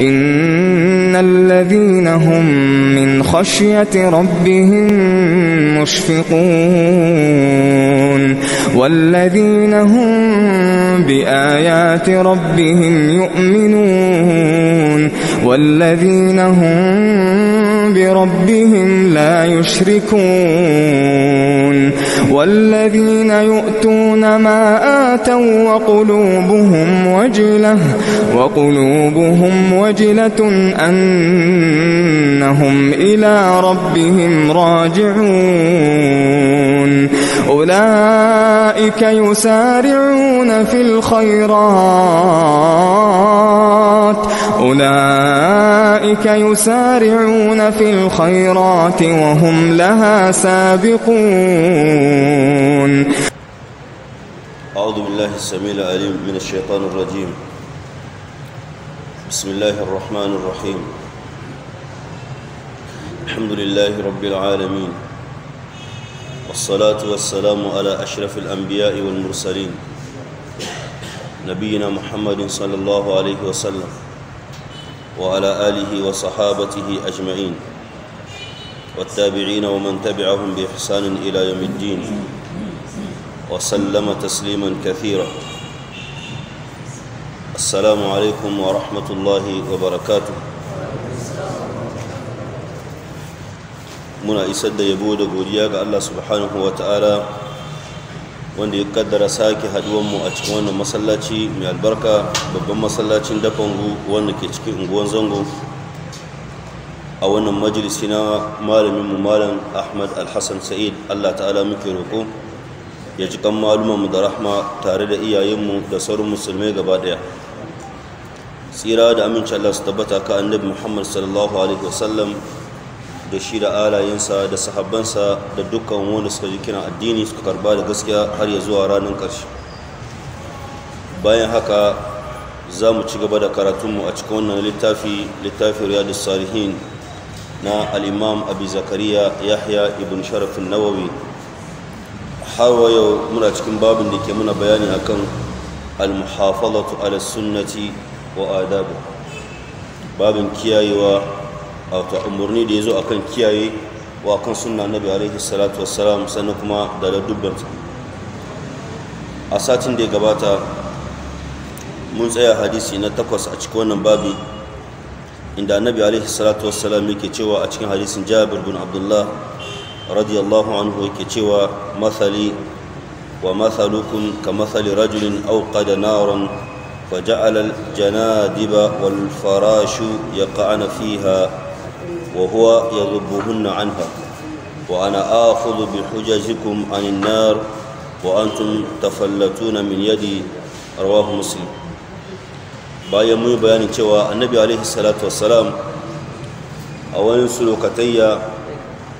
إن الذين هم من خشية ربهم مشفقون والذين هم بآيات ربهم يؤمنون والذين هم بربهم لا يشركون والذين يؤتون ما آتوا وقلوبهم وجلة وقلوبهم وجلة أنهم إلى ربهم راجعون أولئك يسارعون في الخيرات أولئك يسارعون في الخيرات وهم لها سابقون أعوذ بالله السميع العليم من الشيطان الرجيم بسم الله الرحمن الرحيم الحمد لله رب العالمين والصلاة والسلام على أشرف الأنبياء والمرسلين نبينا محمد صلى الله عليه وسلم وعلى آله وصحابته أجمعين والتابعين ومن تبعهم بإحسان إلى يوم الدين وسلم تسليما كثيرا السلام عليكم ورحمة الله وبركاته muna isar da yabo da godiya ga Allah subhanahu wa ta'ala wanda ya kaddara sake mu a cikin wannan masallaci mai albarka babban masallacin dafangu wanda ke cikin unguwan zango a wannan majalisi na malaminmu malam ahmad alhassan sa'id allah ta'ala muke roƙo ya ji kan malumanmu da rahma tare da iyayenmu da sauran musulmai gaba ɗaya tsira da aminci allah su tabbata ka annabi muhammad sallallahu alaihi wasallam da shi da alayensa da sahabbansa da dukkan wanda suka ji kiran addini suka karba da gaskiya har ya zuwa ranar ƙarshe bayan haka za mu ci gaba da karatunmu a cikin wannan littafi littafin riyadu salihin na al'imam abu zakariya yahya ibn sharafin nawawi har wa yau muna cikin babin da ke muna bayani akan kan almuhafalatu ala sunnati wa adabu babin kiyayewa a wata umarni da ya zo akan kiyaye wa kan sunna nabi alaihi salatu wassalam sannan kuma da dubbansa a satin da ya gabata mun tsaya hadisi na takwas a cikin wannan babi inda nabi alaihi salatu wassalam yake cewa a cikin hadisin jabir bin abdullah radiyallahu anhu yake cewa mathali wa mathalukum ka mathali rajulin auqada naran فجعل الجنادب والفراش يقعن فيها وهو يضبهن عنها وأنا آخذ بحججكم عن النار وأنتم تفلتون من يدي رواه مسلم bayan mun bayani cewa annabi alaihi salatu wassalam a wani sulokatayya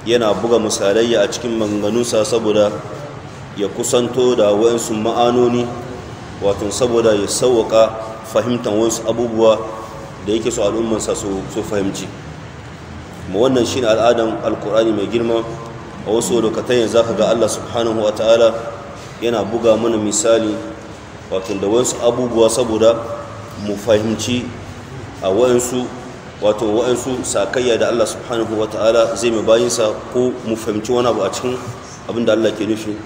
yana buga misalaiya a cikin manganunsa saboda ya kusanto da wayansu ma'anoni wato saboda ya sauwaka fahimtar wasu abubuwa da yake so al'ummansa su fahimci ma wannan shine al'adan Alƙur'ani mai girma a wasu lokatan za ka ga Allah subhanahu wa ta'ala yana buga mana misali wato da wasu abubuwa saboda mu fahimci a wa'ansu wato wa'ansu sakayya da Allah subhanahu wa ta'ala zai mai bayinsa ko mu fahimci wani abu a cikin abin da Allah ke nufi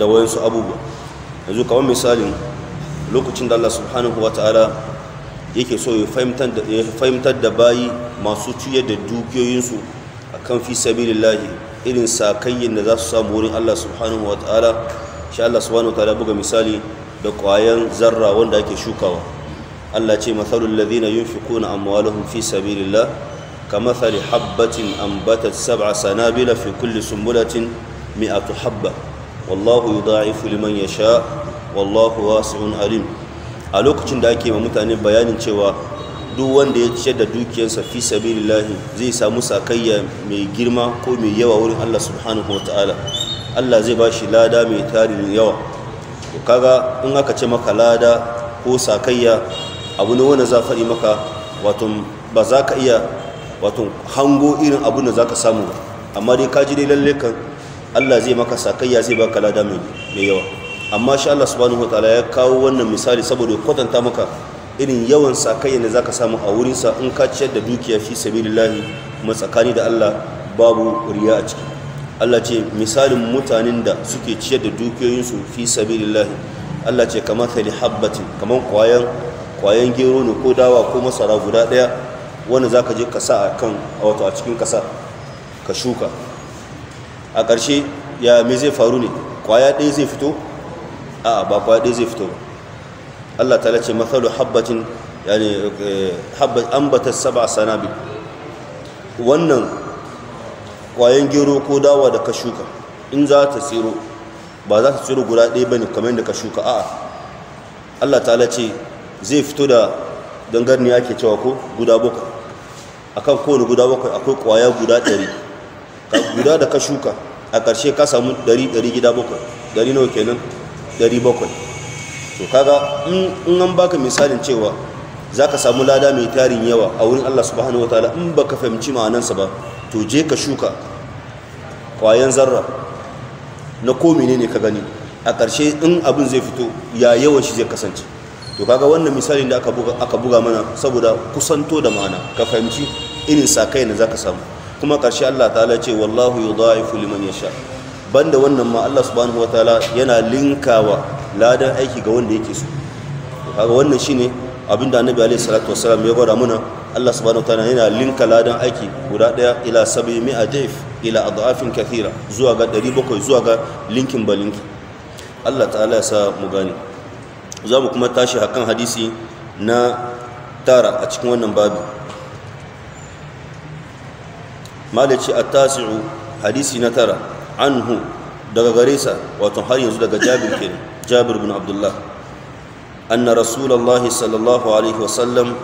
da wayansu abubuwa yanzu kamar misalin lokacin da Allah subhanahu yake so ya fahimtar da bayi masu cuyar da dukiyoyinsu a kan fi sabilillahi irin sakayyin da za su samu wurin Allah subhanahu wa ta'ala shi Allah subhanahu wa ta'ala buga misali da ƙwayan zarra wanda ake shukawa Allah ce matsalul ladhina na amwalahum fi sabilillah kamathali habbatin ambatat sab'a sanabila fi kulli sumbulatin mi'atu habba wallahu yudha'ifu liman yasha wallahu wasi'un alim a lokacin da ake ma mutane bayanin cewa duk wanda ya ciyar da dukiyarsa fi sabilillahi zai samu sakayya mai girma ko mai yawa wurin Allah subhanahu wataala Allah zai ba shi lada mai tarin yawa to kaga in aka ce maka lada ko sakayya abu ne wanda za faɗi maka wato ba za ka iya wato hango irin abu da za ka samu ba amma dai ka ji dai lalle kan Allah zai maka sakayya zai baka lada mai yawa amma shi Allah subhanahu wataala ya kawo wannan misali saboda kwatanta maka irin yawan sakayya da zaka samu a wurinsa in ka ciyar da dukiya fi sabilillahi kuma tsakani da Allah babu riya a ciki Allah ce misalin mutanen da suke ciyar da dukiyoyinsu fi sabilillahi Allah ce kamar tali habbatin kamar kwayan kwayan gero ne ko dawa ko masara guda daya wanda zaka je ka sa a kan wato a cikin kasa ka shuka a ƙarshe ya me zai faru ne kwaya ɗaya zai fito a ba kwaɗe zai fito ba Allah ta lace mathalu habbatin yani eh, habbat ambatat sab'a sanabi wannan kwayan gero ko dawa da ka shuka in za ta tsiro ba za ta tsiro guda ɗaya ba ne kamar yadda ka shuka a'a Allah ta lace zai fito da dangarni ake cewa ko guda A kan kowane guda bakwai akwai kwaya guda ɗari guda da ka shuka a ƙarshe ka samu ɗari ɗari gida bakwai ɗari nawa kenan 700 to kaga in an baka misalin cewa zaka samu lada mai tarin yawa a wurin Allah subhanahu wataala in baka fahimci ma'anansa ba to je ka shuka kwayan zarra na ko ne ka gani a ƙarshe in abin zai fito ya yawan shi zai kasance to kaga wannan misalin da aka buga mana saboda kusanto da ma'ana ka fahimci irin sa kai na zaka samu kuma ƙarshe Allah ta'ala ce wallahu yudha'ifu liman sha. banda wannan ma Allah subhanahu wataala yana linkawa ladan aiki ga wanda yake so kaga wannan shine abin abinda annabi alaihi salatu wassalam ya gwada muna Allah subhanahu wataala yana linka ladan aiki guda daya ila 700 daif ila adafin kathira zuwa ga 700 zuwa ga linkin balinki Allah ta'ala ya sa mu gane za mu kuma tashi hakan hadisi na tara a cikin wannan babu malaci a tasiu hadisi na tara anhu daga gare sa wato har yanzu daga Jabir kenan Jabir bin Abdullah anna Rasulullahi sallallahu alaihi wasallam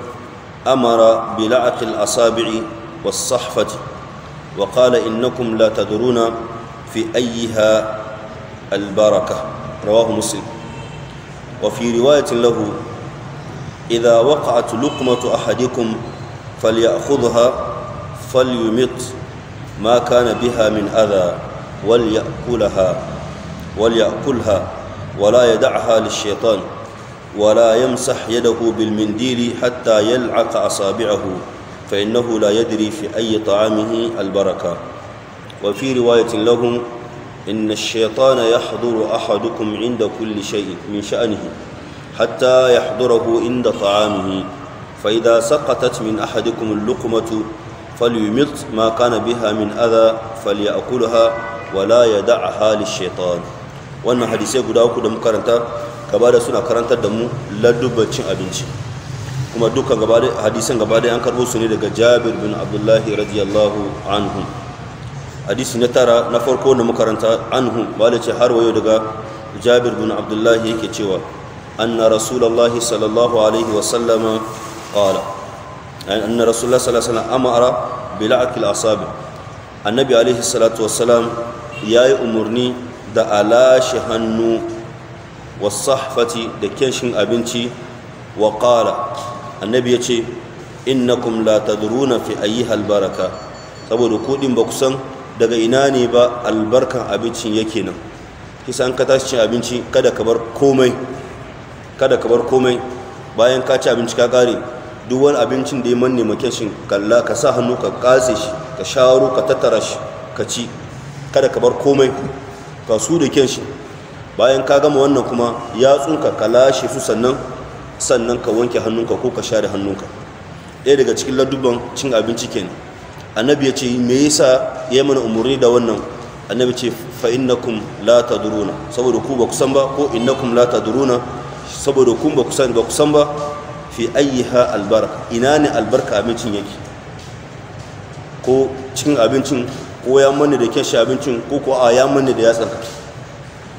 amara bi la'q al-asabi'i was-sahfati wa qala innakum la tadruna fi ayyiha al-baraka rawahu Muslim wa fi riwayatin lahu idha waqa'at luqmatu ahadikum falyakhudha falyumit ma kana biha min adha وليأكلها وليأكلها ولا يدعها للشيطان ولا يمسح يده بالمنديل حتى يلعق أصابعه فإنه لا يدري في أي طعامه البركة وفي رواية لهم إن الشيطان يحضر أحدكم عند كل شيء من شأنه حتى يحضره عند طعامه فإذا سقطت من أحدكم اللقمة فليمط ما كان بها من أذى فليأكلها wala ya da'a halin shaitan wannan hadisai guda uku da makaranta gaba da suna karantar da mu ladubacin abinci kuma dukkan hadisan gaba da an karbo su ne daga jabir bin abdullahi radiyallahu anhu hadisi na tara na farko da makaranta anhu ba da ce har wayo daga jabir bin abdullahi yake cewa anna rasulallahi sallallahu alaihi wasallama qala anna rasulullahi sallallahu alaihi wasallam amara bil'akil asabi annabi alaihi salatu wassalam ya yi umarni da alashi hannu wasahfati da kenshin abinci wa ƙara annabi ya ce innakum la na fi ayi halbaraka saboda kuɗin ba kusan daga ina ne ba albarkan abincin yake nan kisa an ka tashi cin abinci kada ka bar komai kada ka komai bayan ka ci abinci ka kare duk wani abincin da ya manne makin kalla ka sa hannu ka kase shi ka sharo ka tattara shi ka ci kada ka bar komai ka su da kyan shi bayan ka gama wannan kuma ya tsunka ka lashe su sannan sannan ka wanke hannunka ko ka share hannunka ɗaya daga cikin ladubban cin abinci ke ne annabi ya ce me yasa ya mana umarni da wannan annabi ce fa innakum la tadruna saboda ku ba ku san ba ko innakum la tadruna saboda ku ba ku san ba ku san ba fi ayyiha albarka ina ne albarka abincin yake ko cin abincin ko ya manne da kyan shi abincin ko ko a ya manne da yatsan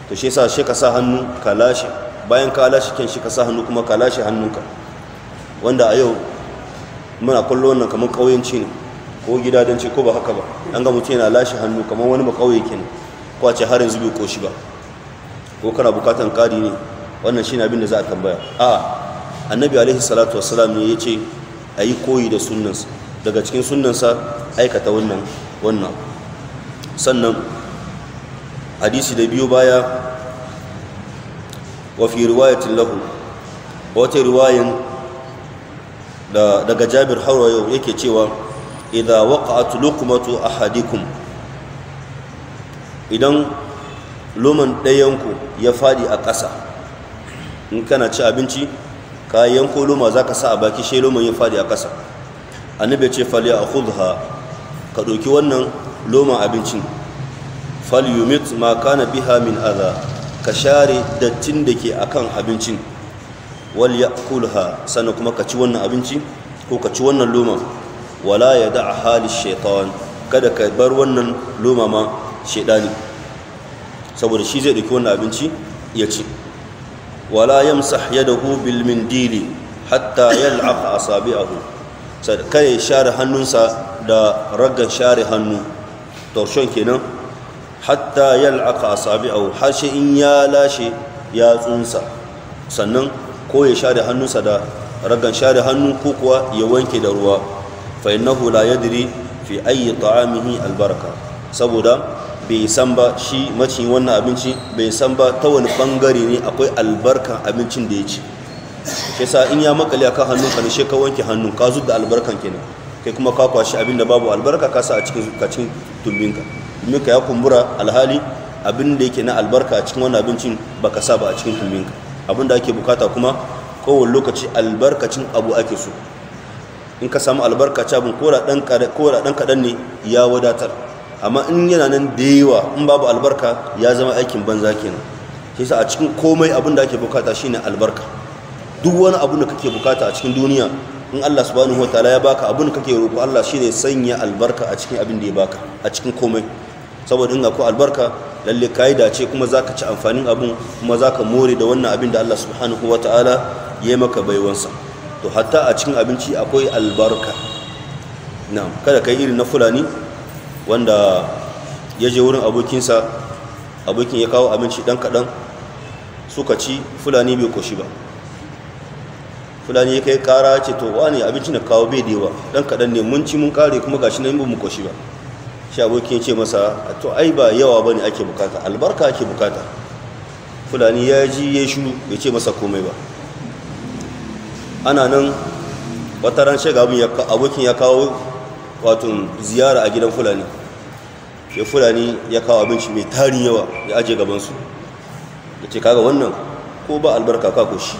to shi sa shi ka sa hannu ka lashe bayan ka lashe kyan shi ka sa hannu kuma ka lashe hannunka wanda a yau muna kallo wannan kamar ƙauyenci ne ko gidadanci ko ba haka ba an ga mutum yana lashe hannu kamar wani ba ƙauye kenan ko a ce har yanzu bai koshi ba ko kana bukatan ƙari ne wannan shine abin da za a tambaya a annabi alaihi salatu wassalam ne ya ce a yi koyi da sunansa. daga cikin sunansa aikata wannan wannan sannan hadisi da biyu baya wa fi riwayatin lahu wata riwayin daga jabir haura yau yake cewa idha waqa'at a hadikun idan loman ɗayanku ya faɗi a ƙasa in kana ci abinci ka yanko loma za ka sa a baki shi loman ya faɗi a ƙasa annabi ce fali a khudha ka ɗauki wannan loma abincin fal ma kana biha min adha ka share dattin da ke akan abincin wal yakulha sannan kuma ka ci wannan abinci ko ka ci wannan loma wala ya yada hali shaitan kada ka bar wannan loma ma shaidani saboda shi zai dauki wannan abinci ya ci wala yamsah yadahu bil mindili hatta yal'aq asabi'ahu sai kare share hannunsa da ragar share hannu torshon kenan hatta yal'aka asabi'ahu har shi in ya lashe ya tsunsa sannan ko ya share hannunsa da ragan share hannun ko kuwa ya wanke da ruwa fa innahu la yadri fi ayyi ta'amihi albaraka saboda bai san ba shi maci wannan abinci bai san ba ta wani bangare ne akwai albarkan abincin da ya ci kisa in ya makale akan hannunka ne shi ka wanke hannun ka zub da albarkan kenan kai kuma ka kwashi abin da babu albarka ka sa a cikin kacin tumbinka tumbinka ya kumbura alhali abin da yake na albarka a cikin wani abincin ka sa ba a cikin tumbinka abin da ake bukata kuma kowane lokaci albarkacin abu ake so in ka samu albarkaci abin kora dan kaɗan ne ya wadatar amma in yana nan da yawa in babu albarka ya zama aikin banza kenan shi sa a cikin komai abin da ake bukata shine albarka duk wani abu da kake bukata a cikin duniya in Allah subhanahu wataala ya baka abin kake roƙo Allah shine sanya albarka a cikin abin da ya baka a cikin komai saboda in akwai albarka lalle kayi dace kuma zaka ci amfanin abin kuma zaka more da wannan abin da Allah subhanahu wataala ya maka baiwansa to hatta a cikin abinci akwai albarka na'am kada kai irin na fulani wanda ya je wurin abokinsa abokin ya kawo abinci dan kaɗan, suka ci fulani bai koshi ba fulani ya kai kara ce to wani abinci na kawo bai dewa dan kadan ne mun ci mun kare kuma gashi nan ba mu koshi ba shi abokin ce masa to ai ba yawa bane ake bukata albarka ake bukata fulani ya ji ya shu ya ce masa komai ba ana nan wata ran ga abokin ya kawo wato ziyara a gidan fulani ya fulani ya kawo abinci mai tarin yawa ya aje su da ce kaga wannan ko ba albarka ka koshi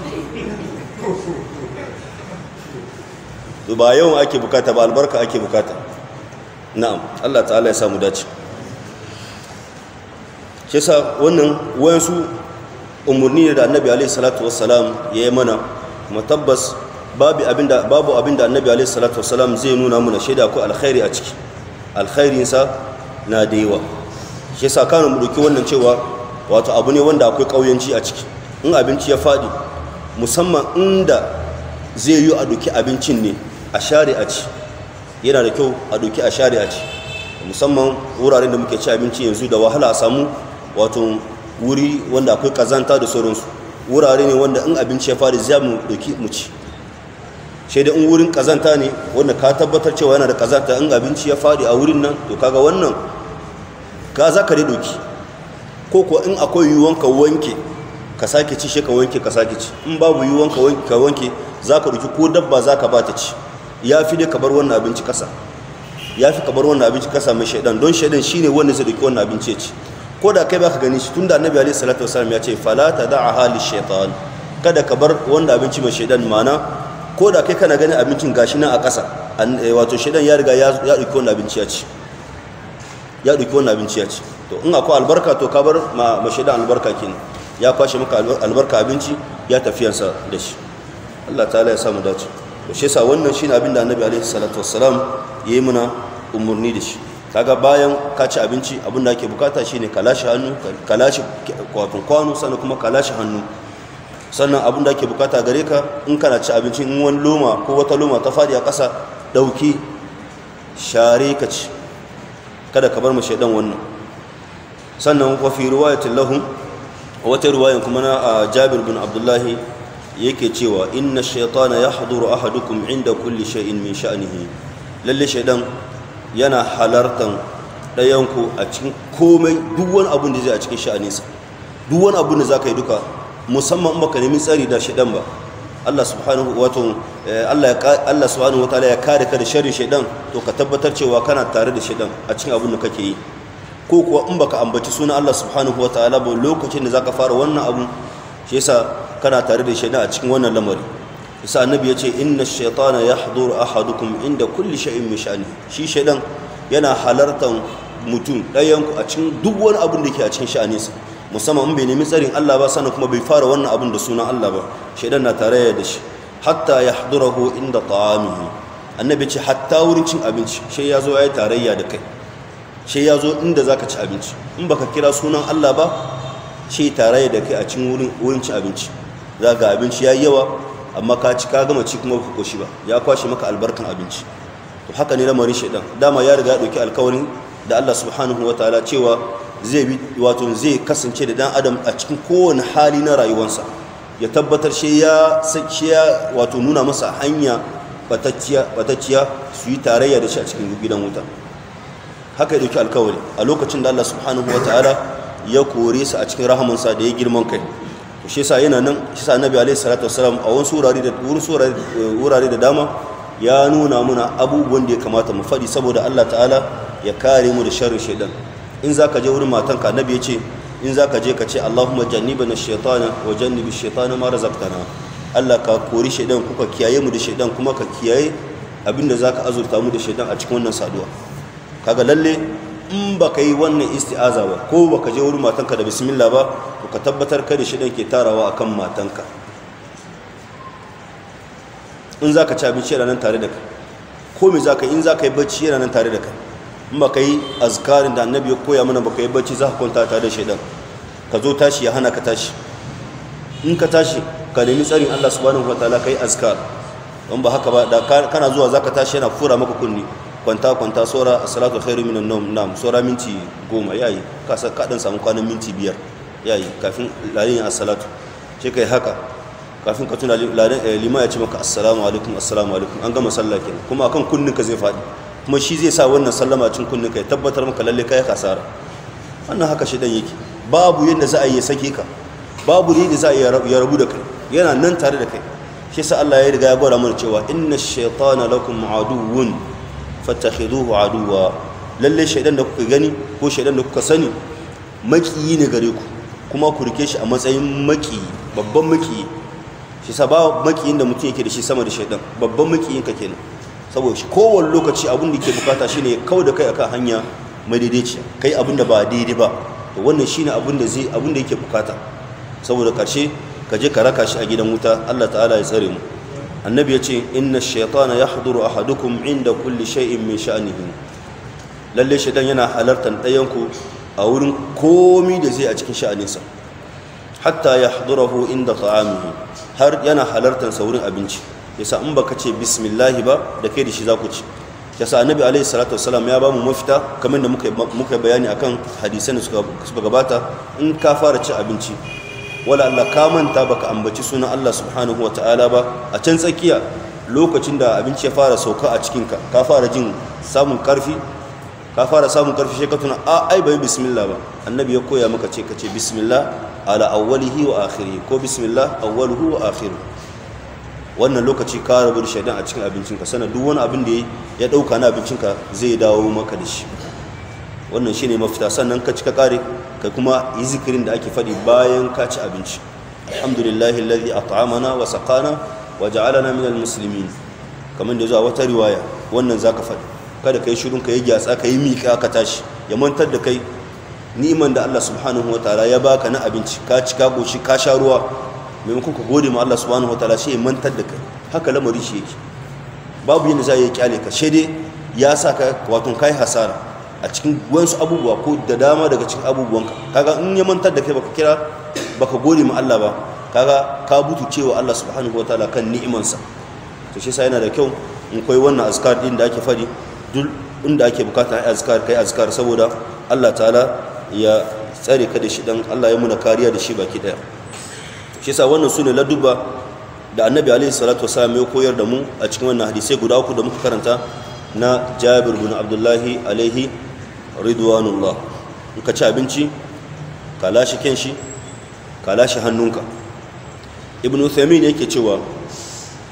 to ba yawan ake bukata ba albarka ake bukata na'am Allah ta'ala ya samu dace shi sa wannan wayansu umurni da annabi alaihi salatu wassalam ya yi mana matabbas babu abinda babu abinda annabi alaihi salatu wassalam zai nuna mana shaida ko alkhairi a ciki sa na da yawa shi sa kana mu dauki wannan cewa wato abu ne wanda akwai kauyanci a ciki in abinci ya fadi musamman inda zai yi a duki abincin ne a shari'a ce yana da kyau a doki a shari'a ce musamman wuraren da muke ci abinci yanzu da wahala a samu wato wuri wanda akwai kazanta da sauransu wurare ne wanda in abinci ya fara zai mu doki mu ci shi da in wurin kazanta ne wanda ka tabbatar cewa yana da kazanta in abinci ya fadi a wurin nan to kaga wannan ka za ka doki ko ko in akwai yiwuwan ka wanke ka sake ci shi ka wanke ka sake ci in babu yiwuwan ka wanke ka wanke za ka doki ko dabba za ka ba ta ci ya fi dai kabar wannan abinci kasa ya fi kabar wannan abinci kasa mai shaidan don shaidan shine wanda zai dauki wannan abinci ya ci ko da kai ba ka gani shi tunda annabi alaihi salatu wasallam ya ce da a hali shaitan kada ka bar wanda abinci mai shaidan mana ko da kai kana gani abincin gashi nan a ƙasa eh, wato shaidan ya riga ya ɗauki wannan abinci ya ci ya ɗauki wannan abinci ya ci to in akwai albarka to ka bar ma shaidan albarka kin ya kwashe maka albarka abinci ya tafiyansa da shi Allah ta'ala ya samu dace to shi sa wannan shi ne abin da annabi alaihi salatu wassalam yi muna umarni da shi kaga bayan ka ci abinci abin da ake bukata shi ka lashe hannu kalashi kwafin kwano sannan kuma ka lashe hannu sannan abin da ake bukata gare ka in kana ci abinci in wani loma ko wata loma ta fadi a ƙasa dauki share ka ci kada ka bar mu shaidan wannan sannan wa fi riwayatin lahum wata ruwayan kuma na ah, jabir bin abdullahi yake cewa inna shaitana ya haduru ahadukum inda kulli shay'in min sha'nihi lalle shaidan yana halartan ɗayanku a cikin komai duk wani abun da zai a cikin sha'aninsa duk wani abun da za ka yi duka musamman baka nemi tsari da shaidan ba Allah subhanahu wato eh, Allah subhanahu wataala ya kare ka da sharrin shaidan to ka tabbatar cewa kana tare da shaidan a cikin abun da kake yi ko kuwa in baka ambaci suna Allah subhanahu wataala ba lokacin da za ka fara wannan abun shi yasa kana tare da shaidan a cikin wannan lamari yasa annabi ya ce inna shaitana ya haduru ahadukum inda kulli sha'in mishani shi shaidan yana halartar mutum ɗayanku a cikin duk wani abin da ke a cikin sha'aninsa musamman in bai nemi tsarin Allah ba sannan kuma bai fara wannan abin da sunan Allah ba shaidan na tarayya da shi hatta ya hadurahu inda ta'amihi annabi ce hatta wurin cin abinci shai ya zo ya yi tarayya da kai shai ya zo inda za ka ci abinci in baka kira sunan Allah ba ce tare da kai a cin wurin cin abinci za ga abinci ya yi yawa amma ka ci ka gama ci kuma ba koshi ba ya kwashe maka albarkan abinci to haka ne lamarin shaidan dama ya riga ya alkawarin da Allah subhanahu wa ta'ala cewa zai bi wato zai kasance da dan adam a cikin kowane hali na rayuwarsa ya tabbatar shi ya saki ya wato nuna masa hanya batacciya batacciya su yi tarayya da shi a cikin gidan wuta haka ya ɗauki alkawari a lokacin da Allah subhanahu wa ta'ala ya kore su a cikin rahamansa da ya girman kai shi sa yana nan shi sa nabi alaihi salatu wasalam a wani surari da wurare da dama ya nuna muna abubuwan da ya kamata mu faɗi saboda Allah ta'ala ya kare mu da sharrin shaitan in zaka je wurin matanka nabi ya ce in zaka je ka ce Allahumma jannibana shaitana wa jannibi shaitana ma razaqtana Allah ka kori shaitan kuka kiyaye mu da shaitan kuma ka kiyaye abinda zaka azurta mu da shaitan a cikin wannan saduwa kaga lalle in ba ka yi wannan isti'aza ba ko ba ka je wurin matanka da bismillah ba ko ka tabbatar kada shi ɗan ke tarawa a kan matanka in ka ci abinci yana nan tare da ka? ko me yi? in ka yi bacci yana nan tare da ka? in ba ka yi azkarin da annabi ya koya mana ka yi bacci za ka kwanta tare da shaidan ka zo tashi ya hana ka tashi in ka tashi ka nemi tsarin Allah subhanahu ka yi azkar in ba haka ba da kana zuwa za ka tashi yana fura maka kunni kwanta kwanta saura salatu khairu minan nawm nam saura minti goma yayi ka sa ka dan samu kwanan minti biyar yayi kafin lalin ya salatu sai kai haka kafin ka tuna lalin eh, lima ya ce maka assalamu alaikum assalamu alaikum an gama sallah kenan kuma akan kunnin ka zai fadi kuma shi zai sa wannan sallama cin kunnin ka ya tabbatar maka lalle kai kasara wannan haka shi dan yake babu yadda za a yi sake ka babu yadda za a yi ya rabu da kai yana nan tare da kai shi sa Allah ya riga ya gwada mana cewa inna shaytana lakum aduwwun fattakhiduhu aduwa lalle shaidan da kuka gani ko shaidan da kuka sani makiyi ne gare ku kuma ku rike shi a matsayin makiyi babban makiyi shi sa ba makiyin da mutum yake da shi sama da shaidan babban makiyin ka kenan saboda shi kowane lokaci abin da ke bukata shine kawai da kai akan hanya mai madaidaiciya kai abin da ba daidai ba to wannan shine abin da zai abin da yake bukata saboda karshe ka je ka raka shi a gidan wuta Allah ta'ala ya tsare mu annabi ya ce inna shaitana ya haduru a hadukum inda kulle sha'in mai sha'anihi lalle shaitan yana halartar ɗayanku a wurin komi da zai a cikin sha'aninsa hatta ya hadurahu inda ta'amihi har yana halartar saurin wurin abinci yasa in baka ce bismillahi ba da kai da shi za ku ci yasa annabi alaihi salatu wasalam ya bamu mafita kamar da muka muka bayani akan hadisan da suka gabata in ka fara ci abinci wala Allah ka manta baka ambaci sunan Allah subhanahu wa ta'ala ba a can tsakiya lokacin da abinci ya fara sauka a cikinka ka fara jin samun karfi ka fara samun karfi sai ka tuna a ai bai bismillah ba annabi ya koya maka ce kace bismillah ala awwalihi wa akhirihi ko bismillah awwaluhu wa akhiruhu wannan lokaci ka rabu da shaidan a cikin abincin ka? sana duk wani abin da ya dauka na abincin ka zai dawo maka da shi wannan shine mafita sannan ka cika kare kai kuma yi zikirin da ake faɗi bayan ka ci abinci alhamdulillahi alladhi at'amana wa saqana wa ja'alana minal musulmi kamar da zuwa wata riwaya wannan zaka faɗi kada yi shirin ka yi gyatsa ka yi miƙa ka tashi ya mantar da kai niman da Allah subhanahu ta'ala ya baka na abinci ka ci ka goshi ka sha ruwa maimakon ka gode ma Allah subhanahu ta'ala shi ya mantar da kai haka lamari shi yake babu yadda za a yi kyale ka shaidai ya sa ka wato kai hasara a cikin wasu abubuwa ko da dama daga cikin abubuwanka kaga in ya mantar da kai baka kira baka gode ma Allah ba kaga ka butu cewa Allah subhanahu wataala kan ni'imansa to shi yana da kyau in koyi wannan azkar din da ake fadi duk inda ake bukata ai azkar kai azkar saboda Allah ta'ala ya tsare ka da shi dan Allah ya muna kariya da shi baki daya shi yasa wannan sune laduba da Annabi alaihi salatu wasallam ya koyar da mu a cikin wannan hadisi guda uku da muka karanta na Jabir bin Abdullahi alaihi ridwanullah in ka ci abinci ka lashe kenshi ka lashe hannunka ibn uthaymeen yake cewa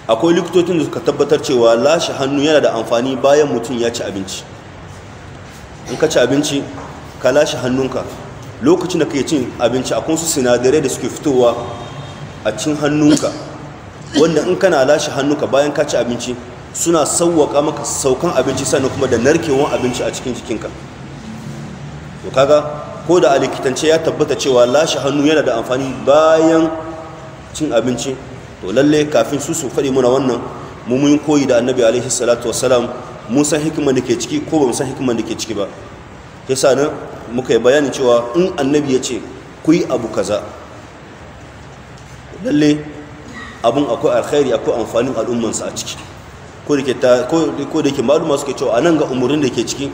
akwai likitocin da suka tabbatar cewa lashe hannu yana da amfani bayan mutum ya ci abinci in ka ci abinci ka lashe hannunka lokacin da kake cin abinci akwai su sinadarai da suke fitowa a cin hannunka wanda in kana lashe hannunka bayan ka ci abinci suna sauwaka maka saukan abinci sannan kuma da narkewan abinci a cikin jikinka to kaga ko da a likitance ya tabbata cewa lashe hannu yana da amfani bayan cin abinci to lalle kafin su su faɗi muna wannan mummuyin koyi da annabi alaihi salatu wasalam mun san hikiman da ke ciki ko ba mu san hikiman da ke ciki ba yasa nan muka yi bayani cewa in annabi ya ce ku yi abu kaza lalle abin akwai alkhairi akwai amfanin al'ummansa a ciki ko da ke maluma suke cewa a nan ga umurnin da ke ciki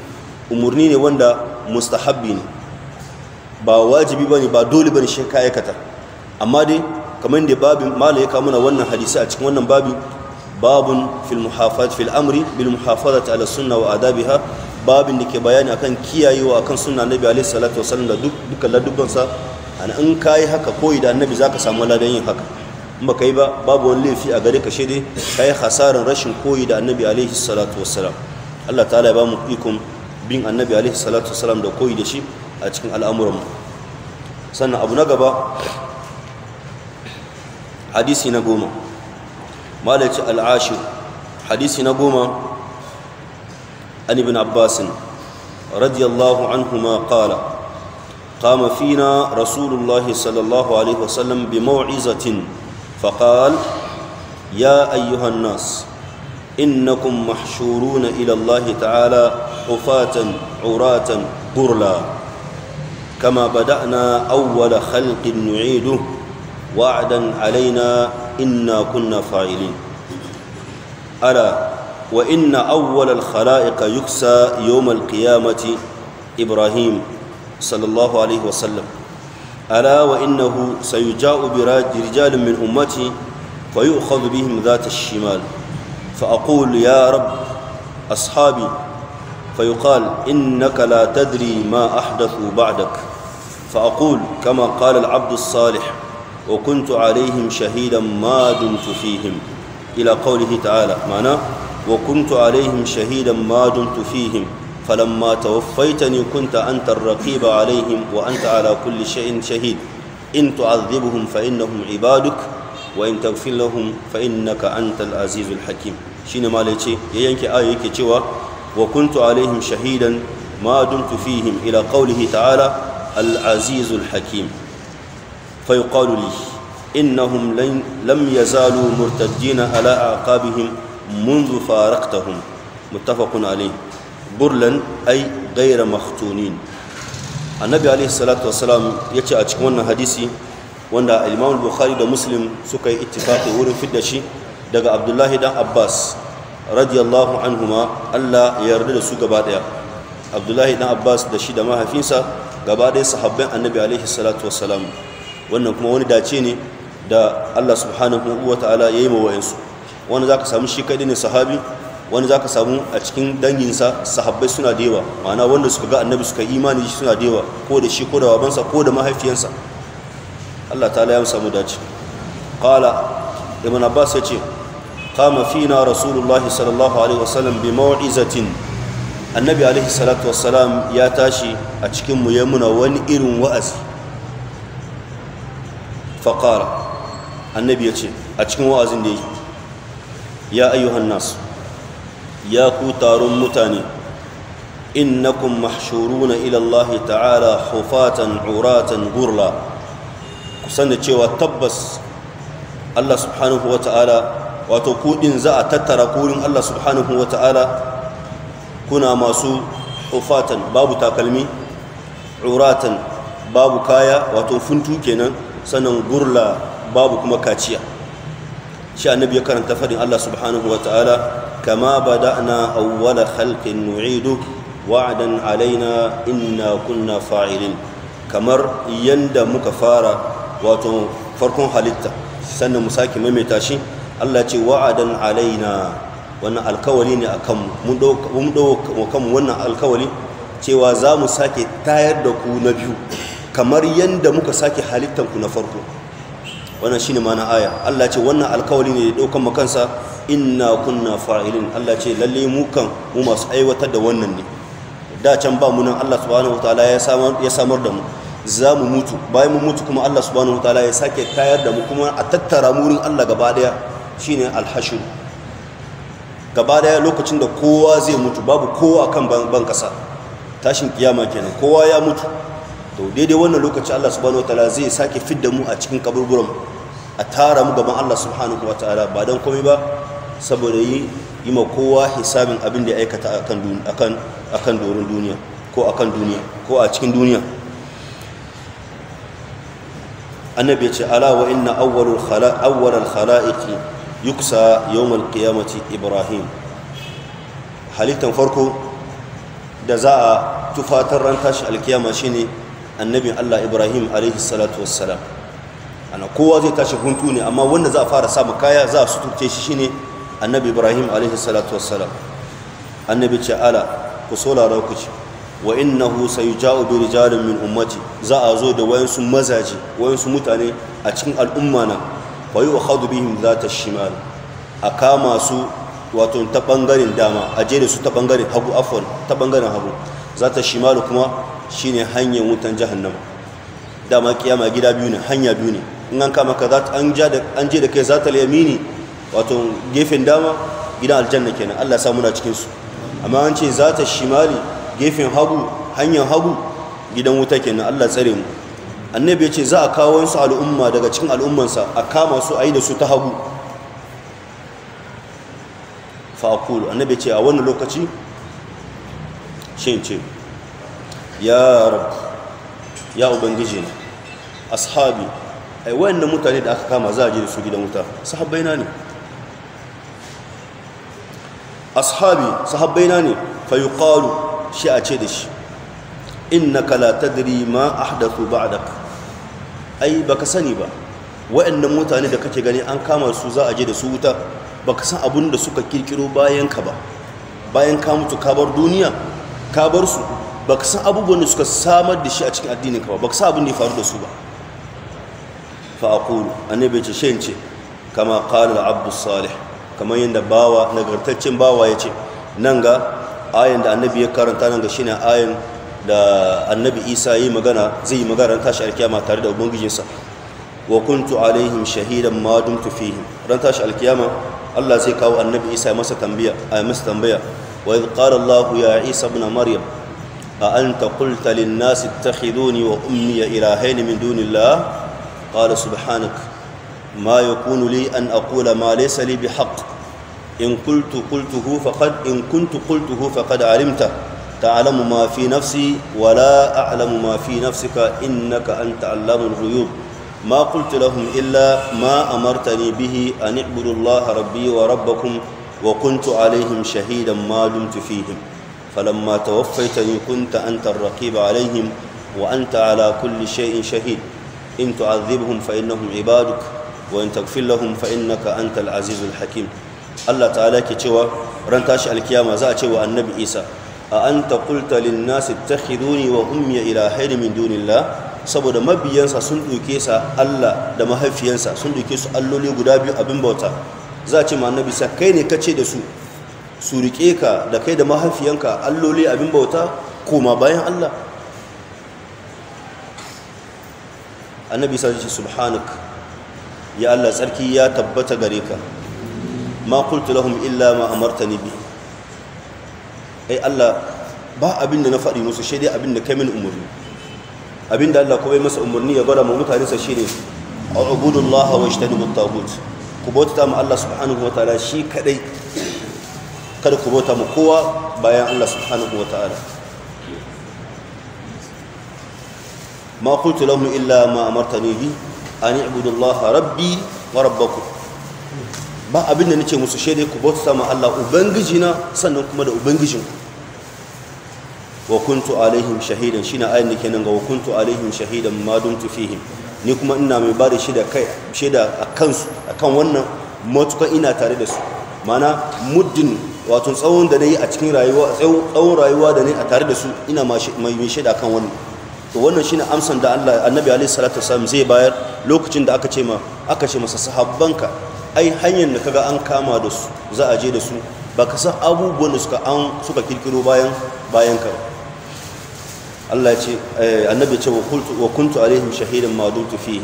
umarni ne wanda mustahabbi ne ba wajibi ne ba dole bane shi ka aikata amma dai kamar da babin mala ya kawo mana wannan hadisi a cikin wannan babin babun fil muhafaz fil amri bil ala sunna wa adabiha babin da ke bayani akan kiyayewa akan sunna nabi alaihi salatu wasallam da dukkan ladubban sa an in kai haka koyi da annabi zaka samu ladan yin haka in baka yi ba babu wani laifi a gare ka shi dai kai hasaran rashin koyi da annabi alaihi salatu wasallam Allah ta'ala ya ba mu ikon bin annabi alaihi salatu wasalam da koyi da shi a cikin al'amuranmu sannan abu na gaba hadisi na goma malaci al'ashir hadisi na goma an abbasin radiyallahu anhuma qala قام فينا رسول الله صلى الله عليه وسلم بموعظة فقال يا أيها الناس إنكم محشورون إلى الله تعالى حفاة عراة غرلا كما بدأنا أول خلق نعيده وعدا علينا إنا كنا فاعلين ألا وإن أول الخلائق يكسى يوم القيامة إبراهيم صلى الله عليه وسلم ألا وإنه سيجاء برجال من أمتي فيؤخذ بهم ذات الشمال فأقول يا رب أصحابي فيقال إنك لا تدري ما أحدثوا بعدك فأقول كما قال العبد الصالح وكنت عليهم شهيدا ما دمت فيهم إلى قوله تعالى معناه وكنت عليهم شهيدا ما دمت فيهم فلما توفيتني كنت أنت الرقيب عليهم وأنت على كل شيء شهيد إن تعذبهم فإنهم عبادك وإن تغفر لهم فإنك أنت العزيز الحكيم شين ما ليتي ينكي آية كتوى وكنت عليهم شهيدا ما دمت فيهم إلى قوله تعالى العزيز الحكيم فيقال لي إنهم لم يزالوا مرتدين على أعقابهم منذ فارقتهم متفق عليه برلا أي غير مختونين النبي عليه الصلاة والسلام يتي أتكون حديثي وأن الإمام البخاري ومسلم muslim اتفاق yi ittifaqi wurin عبد الله daga عباس radiyallahu anhuma Allah ya yarda da su gaba daya Abdullahi dan Abbas da shi da mahaifinsa gaba daya sahabban Annabi alaihi salatu wassalam wannan kuma wani dace ne da Allah subhanahu wa ta'ala yayi ma wayansu wani zaka samu shi kai ne sahabi wani zaka samu a cikin danginsa sahabbai suna da yawa ma'ana wanda suka ga Annabi suka imani shi suna da yawa ko da shi ko da babansa ko da mahaifiyansa Allah ta'ala ya samu dace qala ibn Abbas ya ce قام فينا رسول الله صلى الله عليه وسلم بموعظة النبي عليه الصلاة والسلام يا تاشي أتشكم يمنا ونئر وأزي فقال النبي يتشي أتشكم وأزن دي يا أيها الناس يا كوتار متاني إنكم محشورون إلى الله تعالى حفاة عراة غرلا كسنة تشوى تبس الله سبحانه وتعالى wato kudin za a tattara kurin Allah subhanahu wa ta'ala kuna masu ufatan babu takalmi uratan babu kaya wato funtu kenan sannan gurla babu kuma kaciya shi annabi ya karanta fadin Allah subhanahu wa ta'ala kama bada'na awwala khalqin nu'idu wa'dan alaina inna kunna fa'ilin kamar yanda muka fara wato farkon halitta sannan mu sake maimaita shi Allah ce wa'adan alaina wannan alkawali ne akan mun dauka kan wannan alkawali cewa za mu sake tayar da ku na biyu kamar yadda muka sake halittanku ku na farko wannan shine mana aya Allah ce wannan alkawali ne da daukan makansa inna kunna fa'ilin Allah ce lalle mu kan mu masu aiwatar da wannan ne da can ba mu nan Allah subhanahu wataala ya samar ya samar da mu za mu mutu bayan mu mutu kuma Allah subhanahu wataala ya sake tayar da mu kuma a tattara murin Allah gaba daya shine alhashur gaba daya lokacin da kowa zai mutu babu kowa kan ban kasa tashin kiyama kenan kowa ya mutu to daidai wannan lokaci Allah subhanahu wataala zai sake fidda mu a cikin kaburburan a tara mu gaban Allah subhanahu wataala ba dan komai ba saboda yi yi ma kowa hisabin abin da ya aikata akan akan akan dorin duniya ko akan duniya ko a cikin duniya annabi ya ce ala wa inna awwalul khala awwalul khalaiqi yuksa yawmal qiyamati ibrahim halittar farko da za a tufatar ran tashi alkiyama shine annabi Allah Ibrahim alaihi salatu wassalam ana kowa zai tashi huntu ne amma wanda za a fara samun kaya za a suturce shi shine annabi Ibrahim alaihi salatu wassalam annabi ce ala ku saurara ku ci wa innahu sayuja'u bi rijalin min ummati za a zo da wayansu mazaje wayansu mutane a cikin al'umma na wa wa khadu bihim za ta shimal a kama su wato ta ɓangaren dama a da su ta ɓangaren hagu afon ta ɓangaren hagu za ta kuma shine hanyar wutan jahannama dama kiyama gida biyu ne hanya biyu ne in an kama ka zata an je da kai za ta yamini wato gefen dama gidan aljanna kenan allah sa muna su amma an ce za ta shimali gefen hagu hanyar hagu gidan wuta kenan allah tsare mu annabi ya ce za a kawo wasu al'umma daga cikin al'ummansa a kama su a yi da su ta hagu fa'akulu annabi ya ce a wannan lokaci shi ce ya rabu ya ubangiji ne ashabi ai wayannan mutane da aka kama za a je da su gidan wuta sahabbaina ne ashabi sahabbaina ne fa yuqalu shi a ce da shi innaka la tadri ma a ba'dak ai baka sani ba wa'annan mutane da kake gani an kama su za a je da su wuta ba ka san abun da suka kirkiro bayan ka ba bayan ka mutu ka bar duniya ka bar su ka san abubuwan da suka samar da shi a cikin addinin ka ba ka san abin da ya faru da su ba fa aqulu annabi ce shin ce kama qala al-abdu salih kamar yadda bawa nagartaccen bawa ya ce nan ga ayan da annabi ya karanta nan ga shine ayan da annabi isa yi magana zai yi magana tashi alkiyama tare da ubangijinsa wa kuntu alaihim shahidan ma dumtu fihim ran tashi alkiyama Allah zai kawo annabi isa masa tambaya a masa tambaya wa idh qala Allah ya isa ibn maryam a anta qulta lin nas ittakhiduni wa ummi ilahayn min dunillah qala subhanak ma yakunu li an aqula ma laysa li bihaqq in qultu qultuhu faqad in kuntu qultuhu faqad alimta تعلم ما في نفسي ولا أعلم ما في نفسك إنك أنت علام الغيوب ما قلت لهم إلا ما أمرتني به أن اعبدوا الله ربي وربكم وكنت عليهم شهيدا ما دمت فيهم فلما توفيتني كنت أنت الرقيب عليهم وأنت على كل شيء شهيد إن تعذبهم فإنهم عبادك وإن تغفر لهم فإنك أنت العزيز الحكيم الله تعالى كتوى رنتاش الكيامة زأتي والنبي إيسى a an ta kulta linnasi ta hiduni wa ummiya ila haini min dunillah saboda mabiyansa sun ɗauke sa Allah da mahaifiyansa sun ɗauke su alloli guda biyu abin bauta za a ce ma annabi sa kai ne kace da su su riƙe ka da kai da mahaifiyanka alloli abin bauta koma bayan Allah annabi sa ce subhanak ya Allah tsarki ya tabbata gare ka ma qultu lahum illa ma amartani bihi ai eh, Allah ba abin da na faɗi musu shi dai abin da kai min umarni abin da Allah kuma ya masa umarni ya gwada mu mutane sa shine a'budullah wa ijtanibut tagut ku bauta mu Allah subhanahu wataala shi kadai kada ku bauta mu kowa bayan Allah subhanahu wataala ma qultu lahum illa ma amartani bi an i'budu rabbi wa rabbakum ba abin da nace musu shaidai ku bauta ma Allah ubangiji na sannan kuma da ubangijin wa kuntu alaihim shahidan shine ayin da kenan ga wa kuntu alaihim shahidan ma dumtu fihim ni kuma ina mai ba da kai shaida kansu a akan wannan matukan ina tare da su mana muddin wato tsawon da nayi a cikin rayuwa tsawon rayuwa da nayi a tare da su ina mai shaida kan wannan to wannan shine amsan da Allah annabi alaihi salatu wasallam zai bayar lokacin da aka ce ma aka ce masa sahabbanka ai hanyar da kaga an kama da su za a je da su ba ka san abubuwan da suka an suka kirkiro bayan bayan ka Allah ce eh, annabi ce wa kuntu alaihim shahidan ma dumtu fihi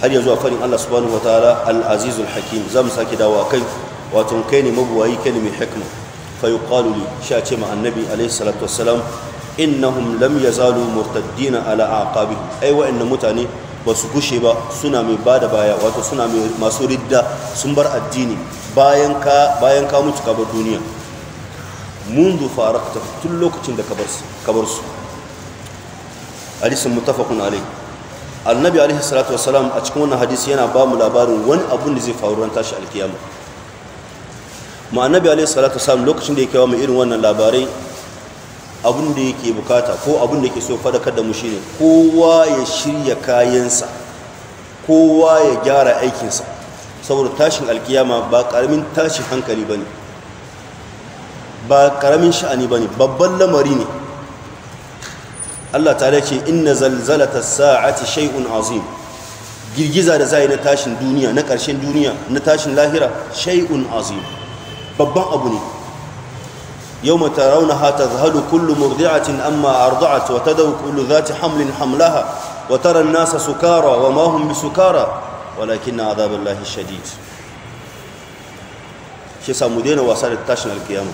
har yanzu a farin Allah subhanahu wataala al-aziz hakim zamu sake dawo kai wato kai ne mabuwayi kai ne mai hikma fa yuqalu li sha ce ma annabi alaihi salatu wassalam innahum lam yazalu murtaddina ala aqabihim ai wa'annan mutane ba su gushe ba suna mai ba da baya wato suna mai masu ridda sun bar addini bayan ka bayan ka mutu ka bar duniya منذ فارقت تل لوكتين da su hadisin mutafakun alai annabi alaihi salatu wasalam a cikin wannan hadisi yana ba mu labarin wani abun da zai faru ran tashi alkiyama ma annabi alaihi salatu wasalam lokacin da ya wa mai irin wannan labarai abin da yake bukata ko abin da yake so fadakar da mu shine kowa ya shirya kayansa kowa ya gyara aikinsa saboda tashin alkiyama ba karamin tashin hankali ne, ba karamin sha'ani bane babban lamari ne Allah ta ce inna zalzalata sa'ati shay'un azim girgiza da za na tashin duniya na ƙarshen duniya na tashin lahira shay'un azim babban abu ne يوم ترونها تذهل كل مرضعة أما أرضعت وتدو كل ذات حمل حملها وترى الناس سكارى وما هم بسكارى ولكن عذاب الله شديد شيسا مدينة واسالة تاشنا القيامة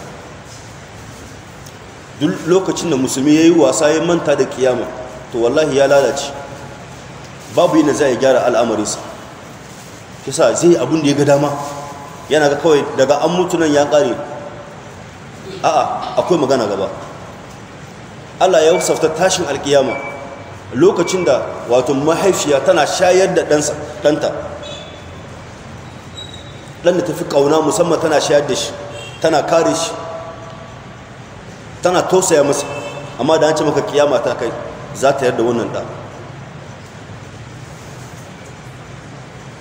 دل لوكا چنا مسلمي يو واسايا من تاد القيامة تو والله يا لالاتي بابو ينزاي جارة الأمر يسا شيسا زي أبون ديگداما يانا كوي دقا أموتنا يانقاري a'a akwai magana gaba Allah ya wasafta tashin alkiyama lokacin da wato mahaifiya tana shayar da ɗansa ɗanta ɗan da tafi ƙauna musamman tana shayar da shi tana kare shi tana tausaya masa amma da an ce maka kiyama ta kai za ta yarda wannan ɗan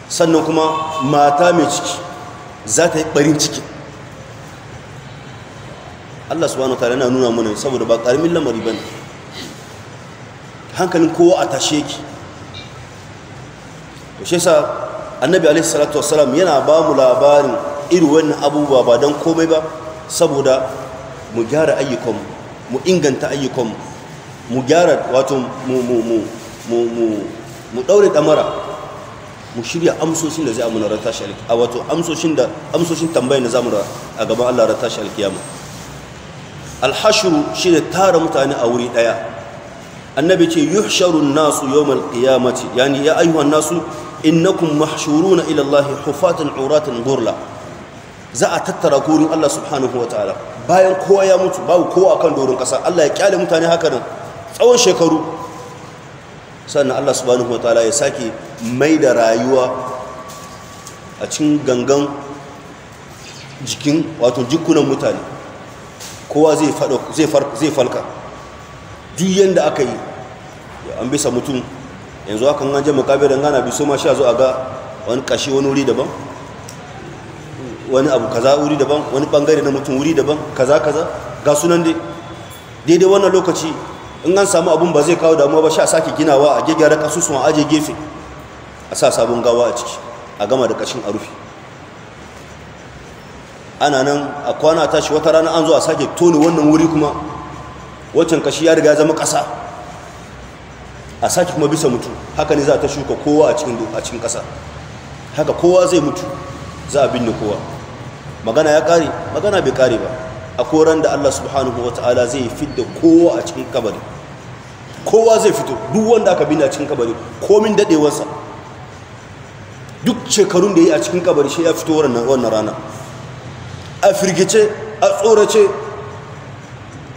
sannan kuma mata mai ciki za ta yi ɓarin ciki Allah subhanahu ta'ala yana nuna mana saboda ba karamin lamari bane hankalin kowa a tashe ki to shi yasa annabi alaihi salatu wassalam yana ba mu labarin irin wannan abubuwa ba don komai ba saboda mu gyara ayyukanmu mu inganta ayyukanmu mu gyara wato mu mu mu mu mu daure damara mu shirya amsoshin da zai amuna ran tashi alkiyama wato amsoshin da amsoshin tambayar da zamu a gaban Allah ran tashi alkiyama alhashuru shi ne tara mutane a wuri ɗaya annabi ce yuhsharun nasu yawmal qiyamati yani ya ayyuhan nasu innakum mahshuruna ila ilallahi hufatan uratan gurla za a tattara gurin Allah subhanahu ta'ala bayan kowa ya mutu babu kowa akan doron kasa Allah ya kyale mutane haka nan tsawon shekaru sannan Allah subhanahu ta'ala ya sake mai da rayuwa a cikin gangan jikin wato jikunan mutane kowa zai falka duk yadda aka yi an bisa mutum yanzu haka an je makabirin gana biso ma sha zo a ga wani kashi wani wuri daban wani abu kaza wuri daban wani bangare na mutum wuri daban kaza kaza ga sunan dai daidai wannan lokaci in an samu abun ba zai kawo damuwa ba sha sake ginawa a kasusun a aje gefe a sa sabon gawa a ciki a gama da kashin a rufe ana nan a kwana tashi wata rana an zo a sake tone wannan wuri kuma waccan kashi ya riga zama ƙasa a sake kuma bisa mutu haka ne za ta shuka kowa a cikin ƙasa haka kowa zai mutu za a binne kowa magana ya ƙare magana bai ƙare ba a koran da allah subhanahu wa ta'ala zai fidda kowa a cikin kabari kowa zai fito duk wanda aka binne a cikin kabari komin daɗewarsa duk shekarun da ya yi a cikin kabari shi ya fito wannan rana a firgice a tsorace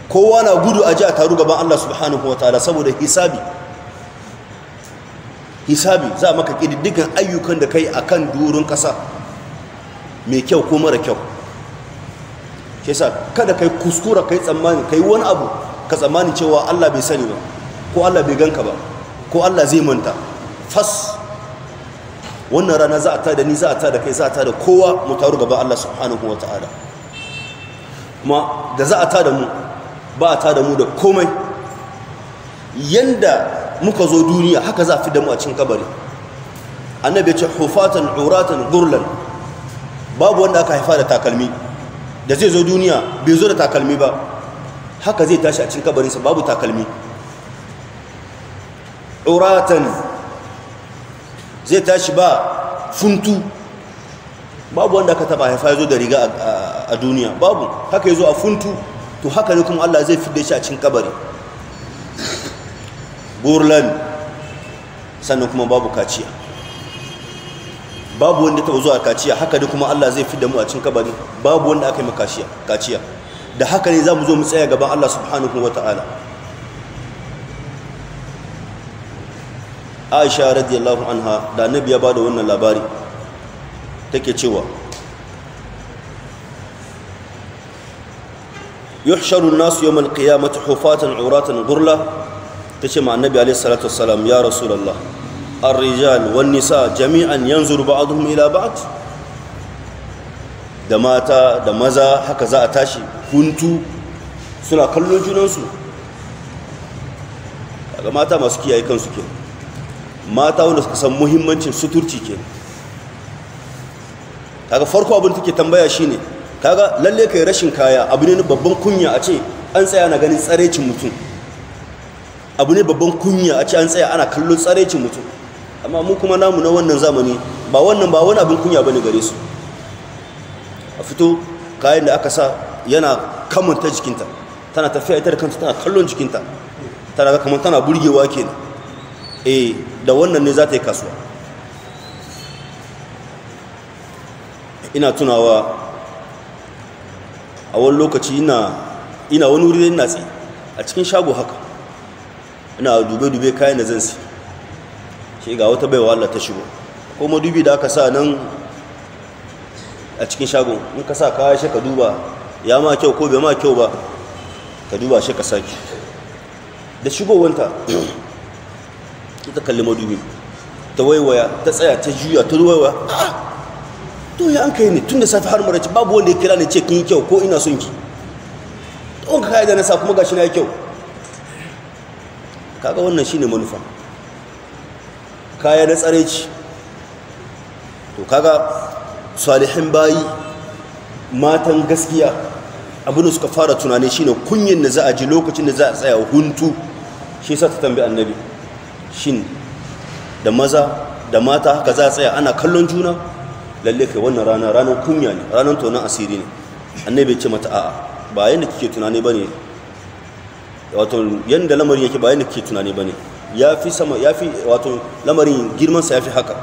kowa na gudu a ji a taru gaban Allah subhanahu wa ta'ala saboda hisabi hisabi za maka ƙididdigan ayyukan da kai a kan durin ƙasa mai kyau ko mara kyau ke sa kada kai kuskura kai tsammani kai wani abu ka tsammani cewa Allah bai sani ba ko Allah bai ganka ba ko Allah zai manta fas wannan rana za a ta da ni za a ta da kai za a ta da kowa mu taru gaba Allah subhanahu wa ta'ala kuma da za a ta da mu ba a ta da mu da komai yanda muka zo duniya haka za a fi da mu a cikin kabari annabi ya ce hufatan uratan gurlan babu wanda aka haifa da takalmi da zai zo duniya bai zo da takalmi ba haka zai tashi a cikin kabarinsa babu takalmi uratan zai tashi ba funtu babu wanda ka taba haifa ya zo da riga a duniya babu haka ya zo a funtu to haka ne kuma Allah zai fidda shi a cikin kabari burlan sannan kuma babu kaciya babu wanda ta zuwa kaciya haka ne kuma Allah zai fidda mu a cikin kabari babu wanda aka yi makaciya kaciya da haka ne za mu zo mu tsaya gaban Allah subhanahu wa ta'ala aisha radiyallahu anha da annabi ya bada wannan labari take cewa yuhsharu an-nasu yawm al-qiyamati hufatan uratan gurla tace ma annabi alayhi salatu wassalam ya rasulullah ar-rijal wan-nisa jami'an yanzuru ba'dhum ila ba'd da mata da maza haka za a tashi huntu suna kallon junansu daga mata masu kiyaye kansu kenan mata wanda suka san muhimmancin suturci ke kaga farko abin take tambaya shine kaga lalle kai rashin kaya abu ne babban kunya a ce an tsaya na ganin tsarecin mutum abu ne babban kunya a ce an tsaya ana kallon tsarecin mutum amma mu kuma namu na wannan zamani ba wannan ba wani abin kunya bane gare su a fito kayan da aka sa yana kamanta jikinta tana tafiya ita da kanta tana kallon jikinta tana kamar tana burgewa kenan e da wannan ne za ta yi kasuwa ina tunawa a wani lokaci ina wani wuri ina tsaye a cikin shago haka ina dube-dube kayan da zan si shi ga wata baiwa Allah ta shigo ko madubi da aka sa nan a cikin shago in ka sa kaya shi ka duba ya ma kyau ko bai ma kyau ba ka duba shi ka sake da shigowanta ta kalli madubi ta waiwaya ta tsaya ta juya ta waiwaya ah, to ya an kai ne tun da safi har marace babu wanda ya kira ni ce kin yi kyau ko ina son ki ɗan ka kayi da nasa kuma gashi na yi kyau kaga wannan shine manufa kaya na tsare ci to kaga salihin bayi matan gaskiya abin da suka fara tunani shine kunyin da za a ji lokacin da za a tsaya huntu shi sa ta tambi annabi shin da maza da mata haka za a tsaya ana kallon juna lalle kai wannan rana ranar kunya ne ranar tonon asiri ne annabi ce mata a'a ba yadda kike tunani ne wato yadda lamarin yake ba yadda kike tunani ba ya yafi sama yafi wato lamarin girmansa ya fi haka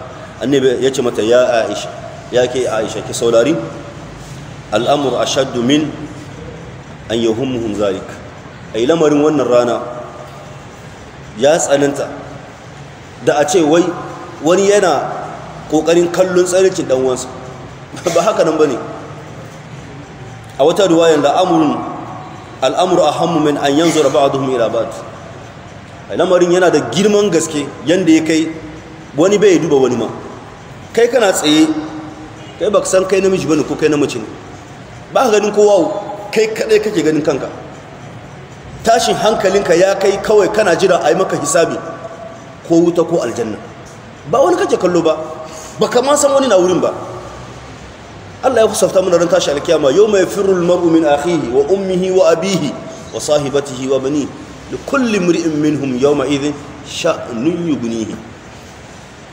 annabi ya ce mata ya Aisha ya ke Aisha ki saurari al'amur ashaddu min an yahummuhum zalik ai lamarin wannan rana ya tsananta da a ce wai wani yana kokarin kallon tsarikin ɗanwansa. ba haka nan ba ne. a wata riwayar da al'amur a ahammu mai an yanzura ba'dhum ila ba'd lamarin yana da girman gaske yadda ya kai wani bai duba wani ma kai kana tsaye kai ba san kai namiji bane ko kai namace ne ba ka ganin kowa kai kadai kake ganin kanka tashin hankalinka ya kai kawai kana jira a yi maka hisabi ko wuta ko aljanna ba wani kake kallo ba ba kama san wani na wurin ba Allah ya kusafta mana ran tashi alkiyama yau mai firul mar'u min akhihi wa ummihi wa abihi wa sahibatihi wa bani li kulli mri'in minhum yawma idhin sha'nun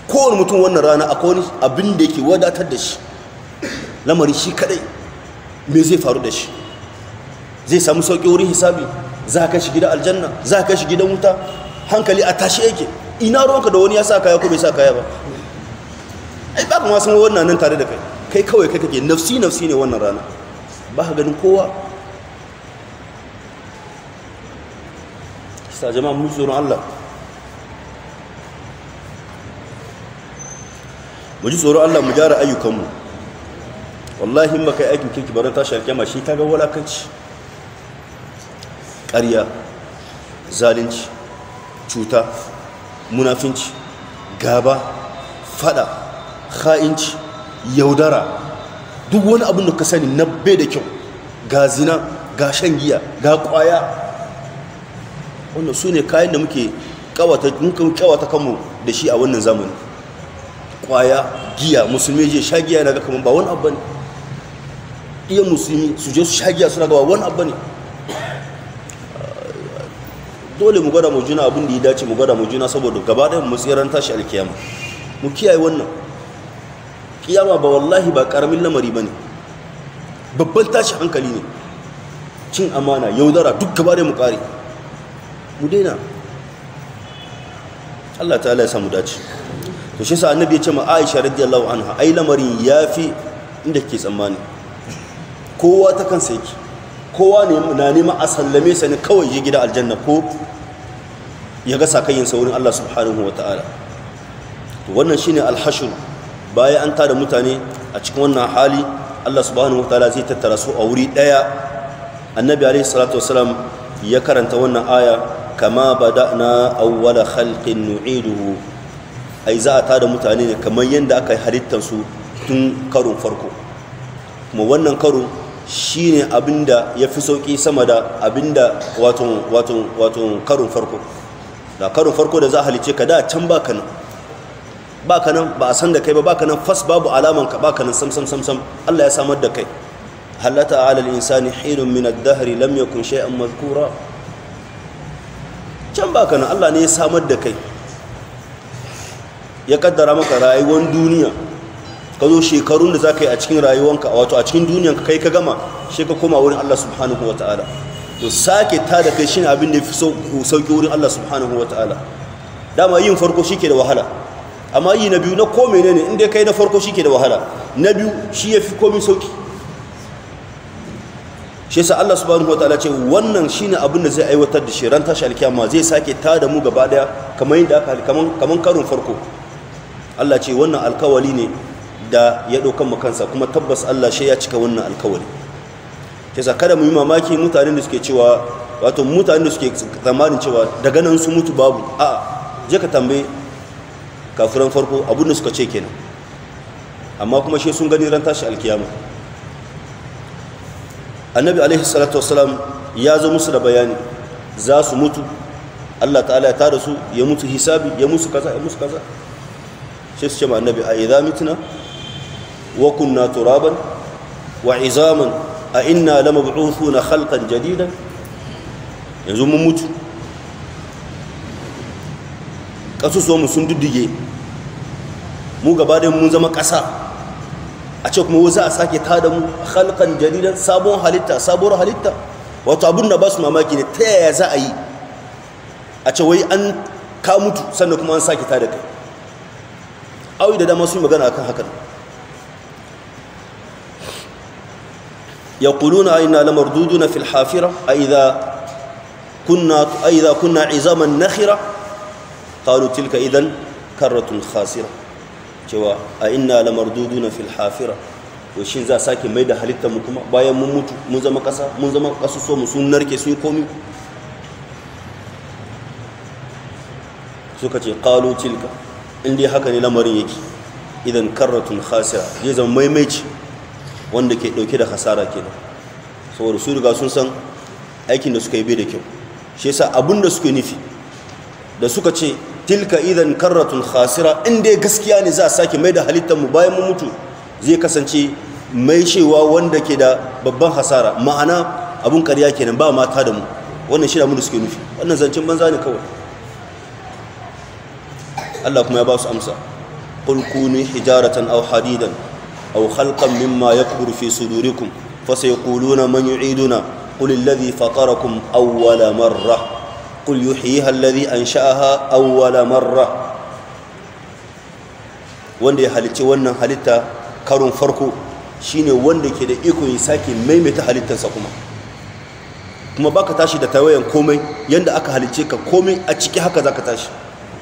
Ko wani mutum wannan rana akwai wani abin da yake wadatar da shi lamari shi kadai me zai faru da shi zai samu sauki wurin hisabi za ka shi gida aljanna za ka shi gidan wuta hankali a tashi yake ina ruwanka da wani ya sa kaya ko bai sa kaya ba ai ba kuma san wannan nan tare da kai kai kawai kai kake nafsi nafsi ne wannan rana ba ka ganin kowa sa jama'a mun tsoron Allah mu ji tsoron Allah mu gyara ayyukanmu wallahi in kai yi aikin kirki ta tashi alkyama shi ta ga walakanci ƙarya zalunci cuta munafinci gaba fada ha'inci yaudara duk wani abin da ka sani na bai da kyau ga zina ga shan giya ga kwaya wannan su ne kayan da muke kawata kanmu da shi a wannan zamani kwaya giya musulmi je sha giya na ga kamar ba wani abu ne iya musulmi su je su sha giya suna gaba wani abu ne dole mu gwada mu juna abin da ya dace mu gwada mu juna saboda gaba da mu tsiran tashi alkiyama mu kiyaye wannan kiyama ba wallahi ba karamin lamari bane ne babban tashi hankali ne cin amana yaudara duk gaba da mu kare mu daina Allah ta'ala ya samu dace to shi sa annabi ya ce ma Aisha radiyallahu anha ai lamarin yafi inda kike tsammani kowa ta kansa yake kowa ne na nema a sallame sa ne kawai ya gida aljanna ko ya ga sakayin yin saurin Allah subhanahu wa ta'ala wannan shine alhashur bayan an tada mutane a cikin wannan hali Allah subhanahu wa ta'ala zai tattara su a wuri daya annabi alaihi salatu wasalam ya karanta wannan aya kama bada'na awwala khalqin nu'iduhu ai za a tada mutane ne kamar yadda aka yi halittar su tun karon farko kuma wannan karo Shi shine abinda ya fi sauƙi sama da abinda wato karin farko da karin farko da za a halice ka da can ba ka nan Ba ka nan ba a san da kai ba Ba ka nan fas babu alaman ka baka nan sam sam sam sam Allah ya samar da kai halata ala al-insani hinun min ad-dahr lam kunshe shay'an madhkura can ba ka nan Allah ne ya samar da kai ya kaddara maka rayuwar duniya ka zo shekarun da za ka yi a cikin rayuwanka a wato a cikin duniyanka kai ka gama shi ka koma wurin Allah subhanahu wa ta'ala. to sake ta da kai shine abin da fi sauki wurin Allah subhanahu wa ta'ala. dama yin farko shi ke da wahala amma yi na biyu na ko menene inda kai na farko shi ke da wahala na biyu shi ya fi komai sauki shi yasa Allah subhanahu wa ta'ala ce wannan shine abin da zai aiwatar da shi ran tashi alkiyama zai sake ta da mu gaba daya kamar yadda aka kaman kaman karon farko Allah ce wannan alkawali ne da ya ɗaukan makansa kuma tabbas Allah shi ya cika wannan alkawari sa kada mu yi mamaki mutane da suke cewa wato mutane da suke tsammanin cewa daga nan su mutu babu a je ka tambaye kafiran farko abin da suka ce kenan amma kuma shi sun gani ran tashi alkiyama annabi alaihi salatu wasalam ya zo musu da bayani za su mutu Allah ta'ala ya tara su ya mutu hisabi ya musu kaza ya musu kaza sai su ce ma annabi a idza mitna wa kunna turaban wa izaman a inna na khalqan jadidan yanzu mun mutu kasusuwanmu sun duddige mu gaba da mun zama ƙasa a ce kuma wasu a sake tada mu halkan jaridan sabon halitta sabuwar halitta wato abin da ba su mamaki ne ta yaya za a yi a ce wai an ka mutu sannan kuma an sake tada kai awi da dama sun magana akan hakan يقولون أئنا لمردودون في الحافرة أئذا كنا أئذا كنا عظاما نخرة قالوا تلك إذا كرة خاسرة cewa a inna la marduduna fil hafira to shin za sake mai da halitta mu kuma bayan mun mutu zama kasu so mu sun narke sun yi komi suka ce haka ne lamarin idan karratun khasira zai zama maimaici wanda ke dauke da hasara kenan saboda su riga sun san aikin da suka yi bai da kyau shi yasa abin da suka nufi da suka ce tilka idan karratun khasira in dai gaskiya ne za a sake mai da halittar mu bayan mu mutu zai kasance mai cewa wanda ke da babban hasara ma'ana abun karya kenan ba mata da mu wannan shi da mun suke nufi wannan zancen banza ne kawai Allah kuma ya ba su amsa qul kunu hijaratan aw hadidan أو خلقا مما يكبر في صدوركم فسيقولون من يعيدنا قل الذي فطركم أول مرة قل يحييها الذي أنشأها أول مرة wanda ya halicci wannan halitta karon farko shine wanda ke da iko ya sake maimaita halittarsa kuma kuma baka tashi da tawayan komai yanda aka halicce ka komai a ciki haka zaka tashi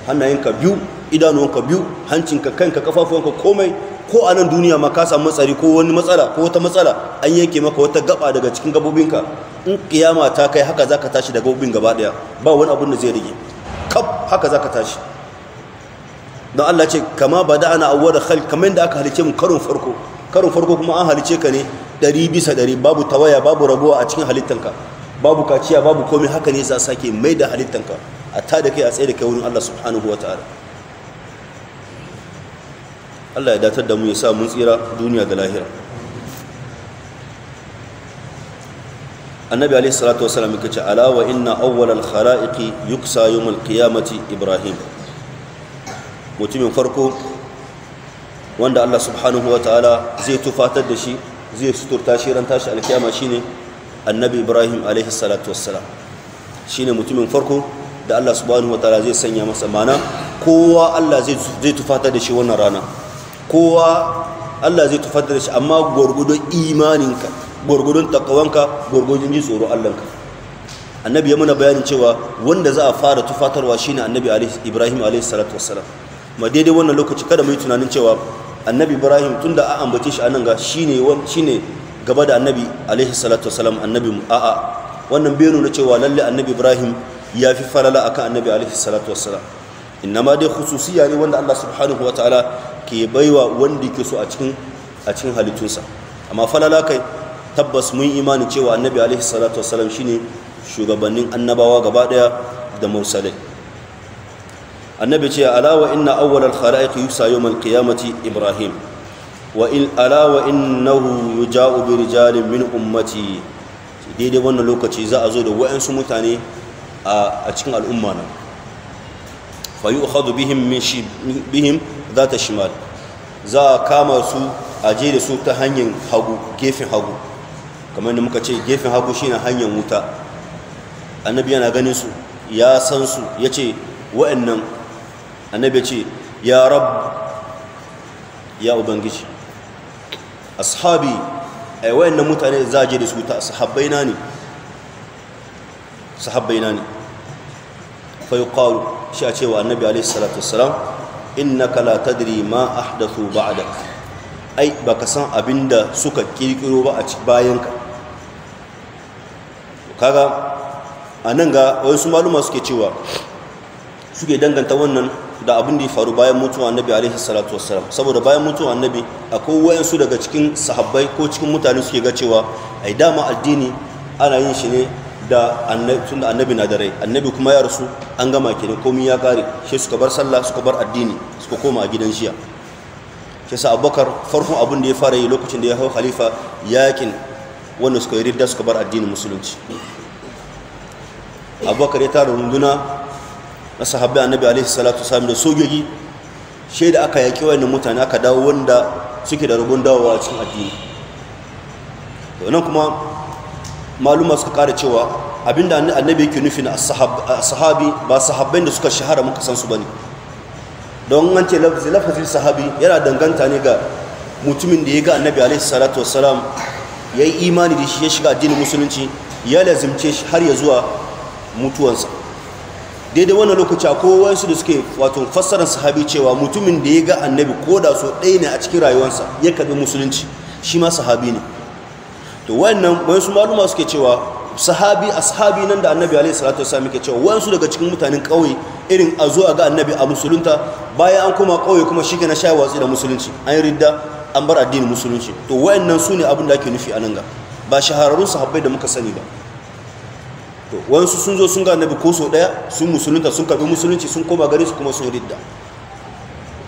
hannayenka biyu idanuwanka biyu hancinka kanka kafafuwanka komai ko a nan duniya ma ka samu matsari ko wani matsala ko wata matsala an yanke maka wata gaba daga cikin gabobinka in kiyama ta kai haka zaka tashi daga gabobin gaba daya ba wani abun da zai rage kaf haka zaka tashi don Allah ce kama ba da ana awwal hal kamar da aka halice mu karon farko karon farko kuma an halice ka ne ɗari bisa ɗari babu tawaya babu rabuwa a cikin halittanka babu kaciya babu komai haka ne za sake mai da halittanka a ta da kai a tsaye da kai wurin Allah subhanahu wa Allah ya datar da mu ya sa mun tsira duniya da lahira annabi alaihi salatu wasallam yake ce ala wa inna awwalal khalaiqi yuksa yawmal qiyamati ibrahim mutumin farko wanda Allah subhanahu wa ta'ala zai tufatar da shi zai suturta shi ran tashi alkiyama shine annabi ibrahim alaihi salatu wassalam shine mutumin farko da Allah subhanahu wa ta'ala zai sanya masa mana kowa Allah zai tufatar da shi wannan rana kowa Allah zai tafaddar shi amma gwargudon imaninka gwargudon takawanka gwargudon ji tsoro Allahnka annabi ya muna bayanin cewa wanda za a fara tufatarwa shine annabi Ibrahim alaihi salatu wassalam ma daidai wannan lokaci kada mu yi tunanin cewa annabi Ibrahim da a ambace shi anan ga shine shine gaba da annabi alaihi salatu wassalam annabi a'a wannan bai nuna cewa lalle annabi Ibrahim ya fi falala akan annabi alaihi salatu wassalam inna ma dai khususiya ne wanda Allah subhanahu wataala ke baiwa wanda ke so a cikin a cikin halittunsa amma falala kai tabbas mun imanin cewa annabi alaihi salatu wassalam shine shugabannin annabawa gaba daya da mursalai annabi ce alawa inna awwal al-khalaiq yusa yawm al-qiyamati ibrahim wa in alawa innahu yuja'u bi rijalin min ummati daidai wannan lokaci za a zo da wayansu mutane a cikin al'umma na fa yu'khadhu bihim min bihim dhata shimal za a kama su a je da su ta hanyar hagu gefen hagu kamar da muka ce gefen hagu shi na hanyar wuta annabi yana ganin su ya san su ya ce wa'annan annabi ce ya Rabu. ya ubangiji ashabi ai wa'annan mutane za a je da su ta sahabbaina ne sahabbaina ne fa yuqalu shi a cewa annabi alaihi salatu wassalam innaka la tadri ma ahdathu ba'da ai baka san abinda suka kirkiro ba a cikin bayanka kaga anan ga wasu maluma suke cewa suke danganta wannan da abin da ya faru bayan mutuwa annabi alaihi salatu wassalam saboda bayan mutuwa annabi akwai wayansu daga cikin sahabbai ko cikin mutane suke ga cewa ai dama addini ana yin shi ne da annabi na da rai annabi kuma ya rasu an gama kenan komi ya kare shi suka bar sallah suka bar addini suka koma a gidan shiya shi sa abubakar farkon abin da ya fara yi lokacin da ya hau khalifa yakin wanda suka yi ridda suka bar addinin musulunci abubakar ya tara runduna na sahabbai annabi alaihi salatu sami da sojoji da aka yaƙi wayannan mutane aka dawo wanda suke da rubun dawowa a cikin addini to nan kuma maluma suka kara cewa abinda annabi yake nufi na sahabi ba sahabbai da suka shahara muka san su bane don an ce lafazin sahabi yana danganta ne ga mutumin da ya ga annabi alaihi salatu wassalam ya yi imani da shi ya shiga addinin musulunci ya lazimce shi har ya zuwa mutuwansa daidai wannan lokaci ko su da suke wato fassarar sahabi cewa mutumin da ya ga annabi ko da so ɗaya ne a cikin rayuwarsa ya karɓi musulunci shi ma sahabi ne to wannan wayansu maluma suke cewa sahabi ashabi nan da annabi alaihi salatu wasallam yake cewa wasu daga cikin mutanen kauye irin a zuwa ga annabi a musulunta bayan an koma kauye kuma shi na shayi watsi da musulunci an yi ridda an bar addinin musulunci to wayannan su ne abin da ake nufi a nan ga ba shahararrun sahabbai da muka sani ba to wasu sun zo sun ga annabi ko so daya sun musulunta sun karbi musulunci sun koma gare su kuma sun ridda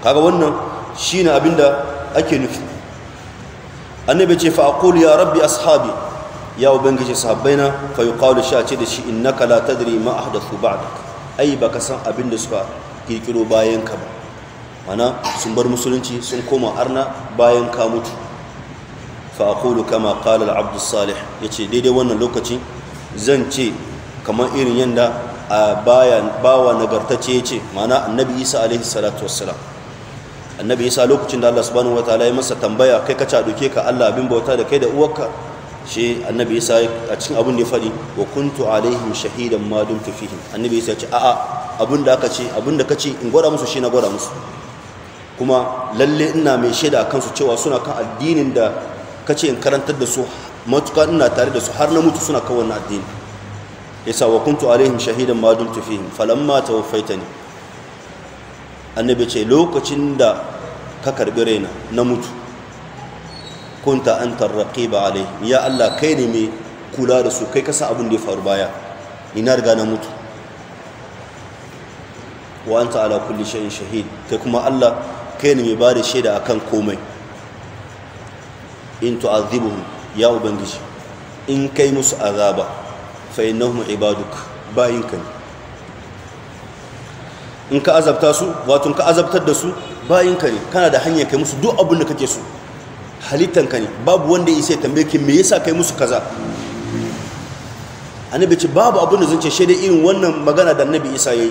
kaga wannan shine abin da ake nufi annabi ce fa aqulu ya rabbi ashabi ya ubangiji sahabbaina fa yuqalu sha ce da shi innaka la tadri ma ahdathu ba'dak ai baka san abin da suka kirkiro bayan ka ba mana sun bar musulunci sun koma arna bayan ka mutu fa aqulu kama qala al-abd salih yace daidai wannan lokaci zan ce kamar irin yanda a bayan bawa nagartacce yace mana annabi isa alaihi salatu wassalam annabi isa lokacin da Allah subhanahu wataala ya masa tambaya kai ka caduke ka Allah abin bauta da kai da uwarka shi annabi isa a cikin abin da ya faɗi wa kuntu alaihim shahidan ma dumtu fihim annabi isa ya ce a'a abin da aka ce abin da kace in gwada musu shi na gwada musu kuma lalle ina mai shaida akan su cewa suna kan addinin da kace in karantar da su matuka ina tare da su har na mutu suna kan wannan addini yasa wa kuntu alaihim shahidan ma dumtu fihim falamma tawaffaitani annabi ce lokacin da ka karbi raina na mutu kunta an tarraƙi ba alai ya Allah kai ne mai kula da su kai kasa abin da ya faru baya ina riga na mutu wa an ala kulli shay'in shahid kai kuma Allah kai ne mai ba da shaida akan komai in tu'adhibuhum ya ubangiji in kai musu azaba fa innahum ibaduk bayinka ne in ka azabta su wato ka azabtar da su bayinka ne kana da hanyar kai musu duk abin da kake so halittanka ne babu wanda ya sai tambaye ki me yasa kai musu kaza annabi ce babu abin da zance shede irin wannan magana da annabi isa yayi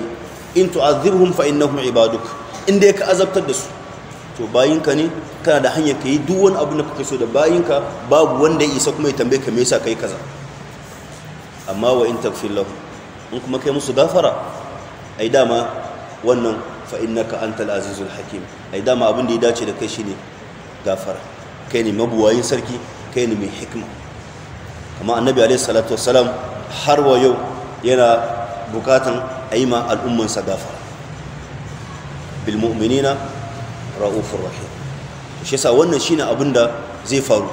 in tu'adhibhum fa innahum ibaduk in dai ka azabtar da su to bayinka ne kana da hanyar kai duk wani abin da kake so da bayinka babu wanda ya isa kuma ya tambaye ka me yasa kai kaza amma wa in takfir lahu in kuma kai musu gafara ai dama wannan fa innaka antal azizul hakim ai dama abin da ya dace da kai ne gafara kai ne mabuwayin sarki kai ne mai hikima kama annabi alaihi salatu har wa yau yana bukatan ma al'ummansa gafara bil mu'minina rahim shi yasa wannan ne abin da zai faru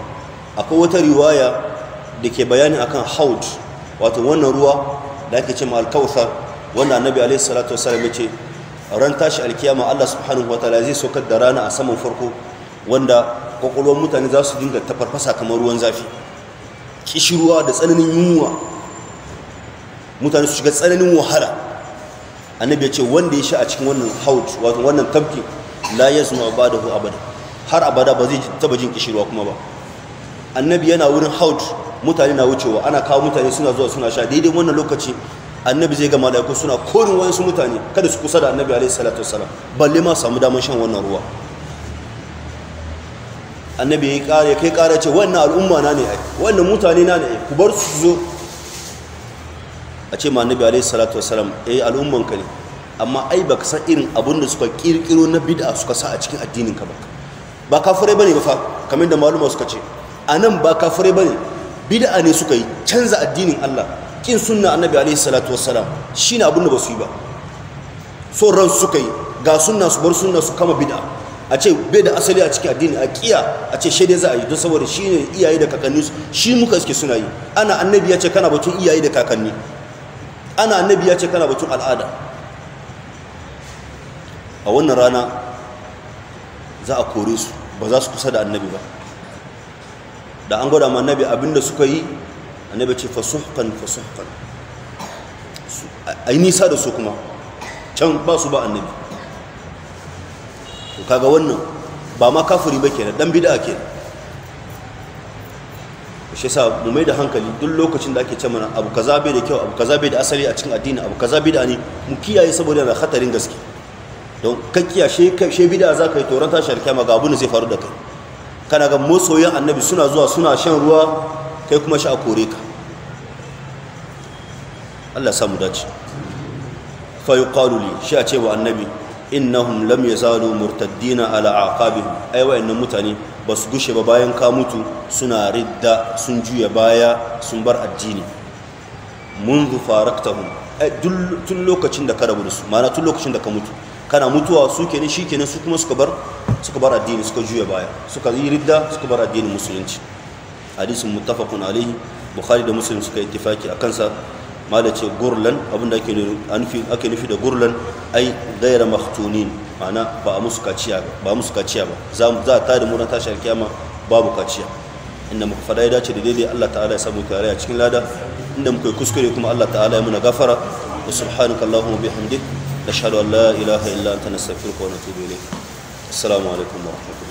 akwai wata riwaya da ke bayani akan haud wato wannan ruwa da ake ce ma alkawthar wanda annabi alaihi salatu ya ce ran tashi alkiyama Allah subhanahu wataala zai saukar da rana a saman farko wanda kwakwalwar mutane za su dinga tafarfasa kamar ruwan zafi kishirwa da tsananin yunwa mutane su shiga tsananin wahala annabi ya ce wanda ya sha a cikin wannan haut wato wannan tafki la ba da abada har abada ba zai taba jin kishirwa kuma ba annabi yana wurin haut mutane na wucewa ana kawo mutane suna zuwa suna sha daidai wannan lokaci annabi zai ga malaiku suna korin wayansu mutane kada su kusa da annabi alaihi salatu salam balle ma samu damar shan wannan ruwa annabi ya yi kare kai kare ce wannan al'umma na ne wannan mutane na ne ku bar su zo a ce ma annabi alaihi salatu wassalam eh al'umman ka ne amma ai baka san irin abin da suka kirkiro na bid'a suka sa a cikin addinin ka ba ba kafirai bane ba fa kamar da maluma suka ce anan ba kafirai bane bid'a ne suka yi canza addinin Allah ƙin suna annabi alaihi salatu wassalam shi abin da ba su yi ba so ran suka yi ga suna su bar suna su kama bid'a a ce bai da asali a cikin addini a kiya a ce shaidai za a yi don saboda ne iyaye da kakanni shi muka suke suna yi ana annabi ya ce kana batun iyaye da kakanni ana annabi ya ce kana batun al'ada a wannan rana za a kore su ba za su kusa da annabi ba da an gwada ma annabi abinda suka yi annabi ce fasuhkan fasuhkan ai nisa da su kuma can ba su ba annabi to kaga wannan ba ma kafiri ba kenan dan bid'a kenan shi yasa mu mai da hankali duk lokacin da ake ce mana abu kaza bai da kyau abu kaza bai da asali a cikin addini abu kaza bid'a ne mu kiyaye saboda yana khatarin gaske don ka kiyashe she bid'a za ka yi toranta tashi alkiyama ga abu ne zai faru da kai kana ga masoyan annabi suna zuwa suna shan ruwa kai kuma a kore ka Allah samu dace fa yuqalu li shi a ce wa annabi innahum lam yazalu murtaddina ala aqabihim ai wa'annan mutane ba su gushe ba bayan ka mutu suna ridda sun juya baya sun bar addini منذ فارقتهم tun lokacin da ka rabu da su ma'ana tun lokacin da ka mutu kana mutuwa su kenan shi kenan su kuma suka bar suka bar addini suka juya baya suka yi ridda suka bar addinin musulunci hadisin muttafaqun alaihi bukhari da muslim suka ittifaki a kansa mala ce gurlan abinda ake nufi ake nufi da gurlan ai gaira maktunin ma'ana ba musu kaciya ba musu kaciya ba za za ta da murna tashar kiyama babu kaciya inda muka fada ya dace da daidai Allah ta'ala ya samu kare a cikin lada inda muka yi kuskure kuma Allah ta'ala ya muna gafara wa subhanaka allahumma bihamdik nashhadu an la ilaha illa anta nastaghfiruka wa natubu ilayk assalamu alaikum wa rahmatullahi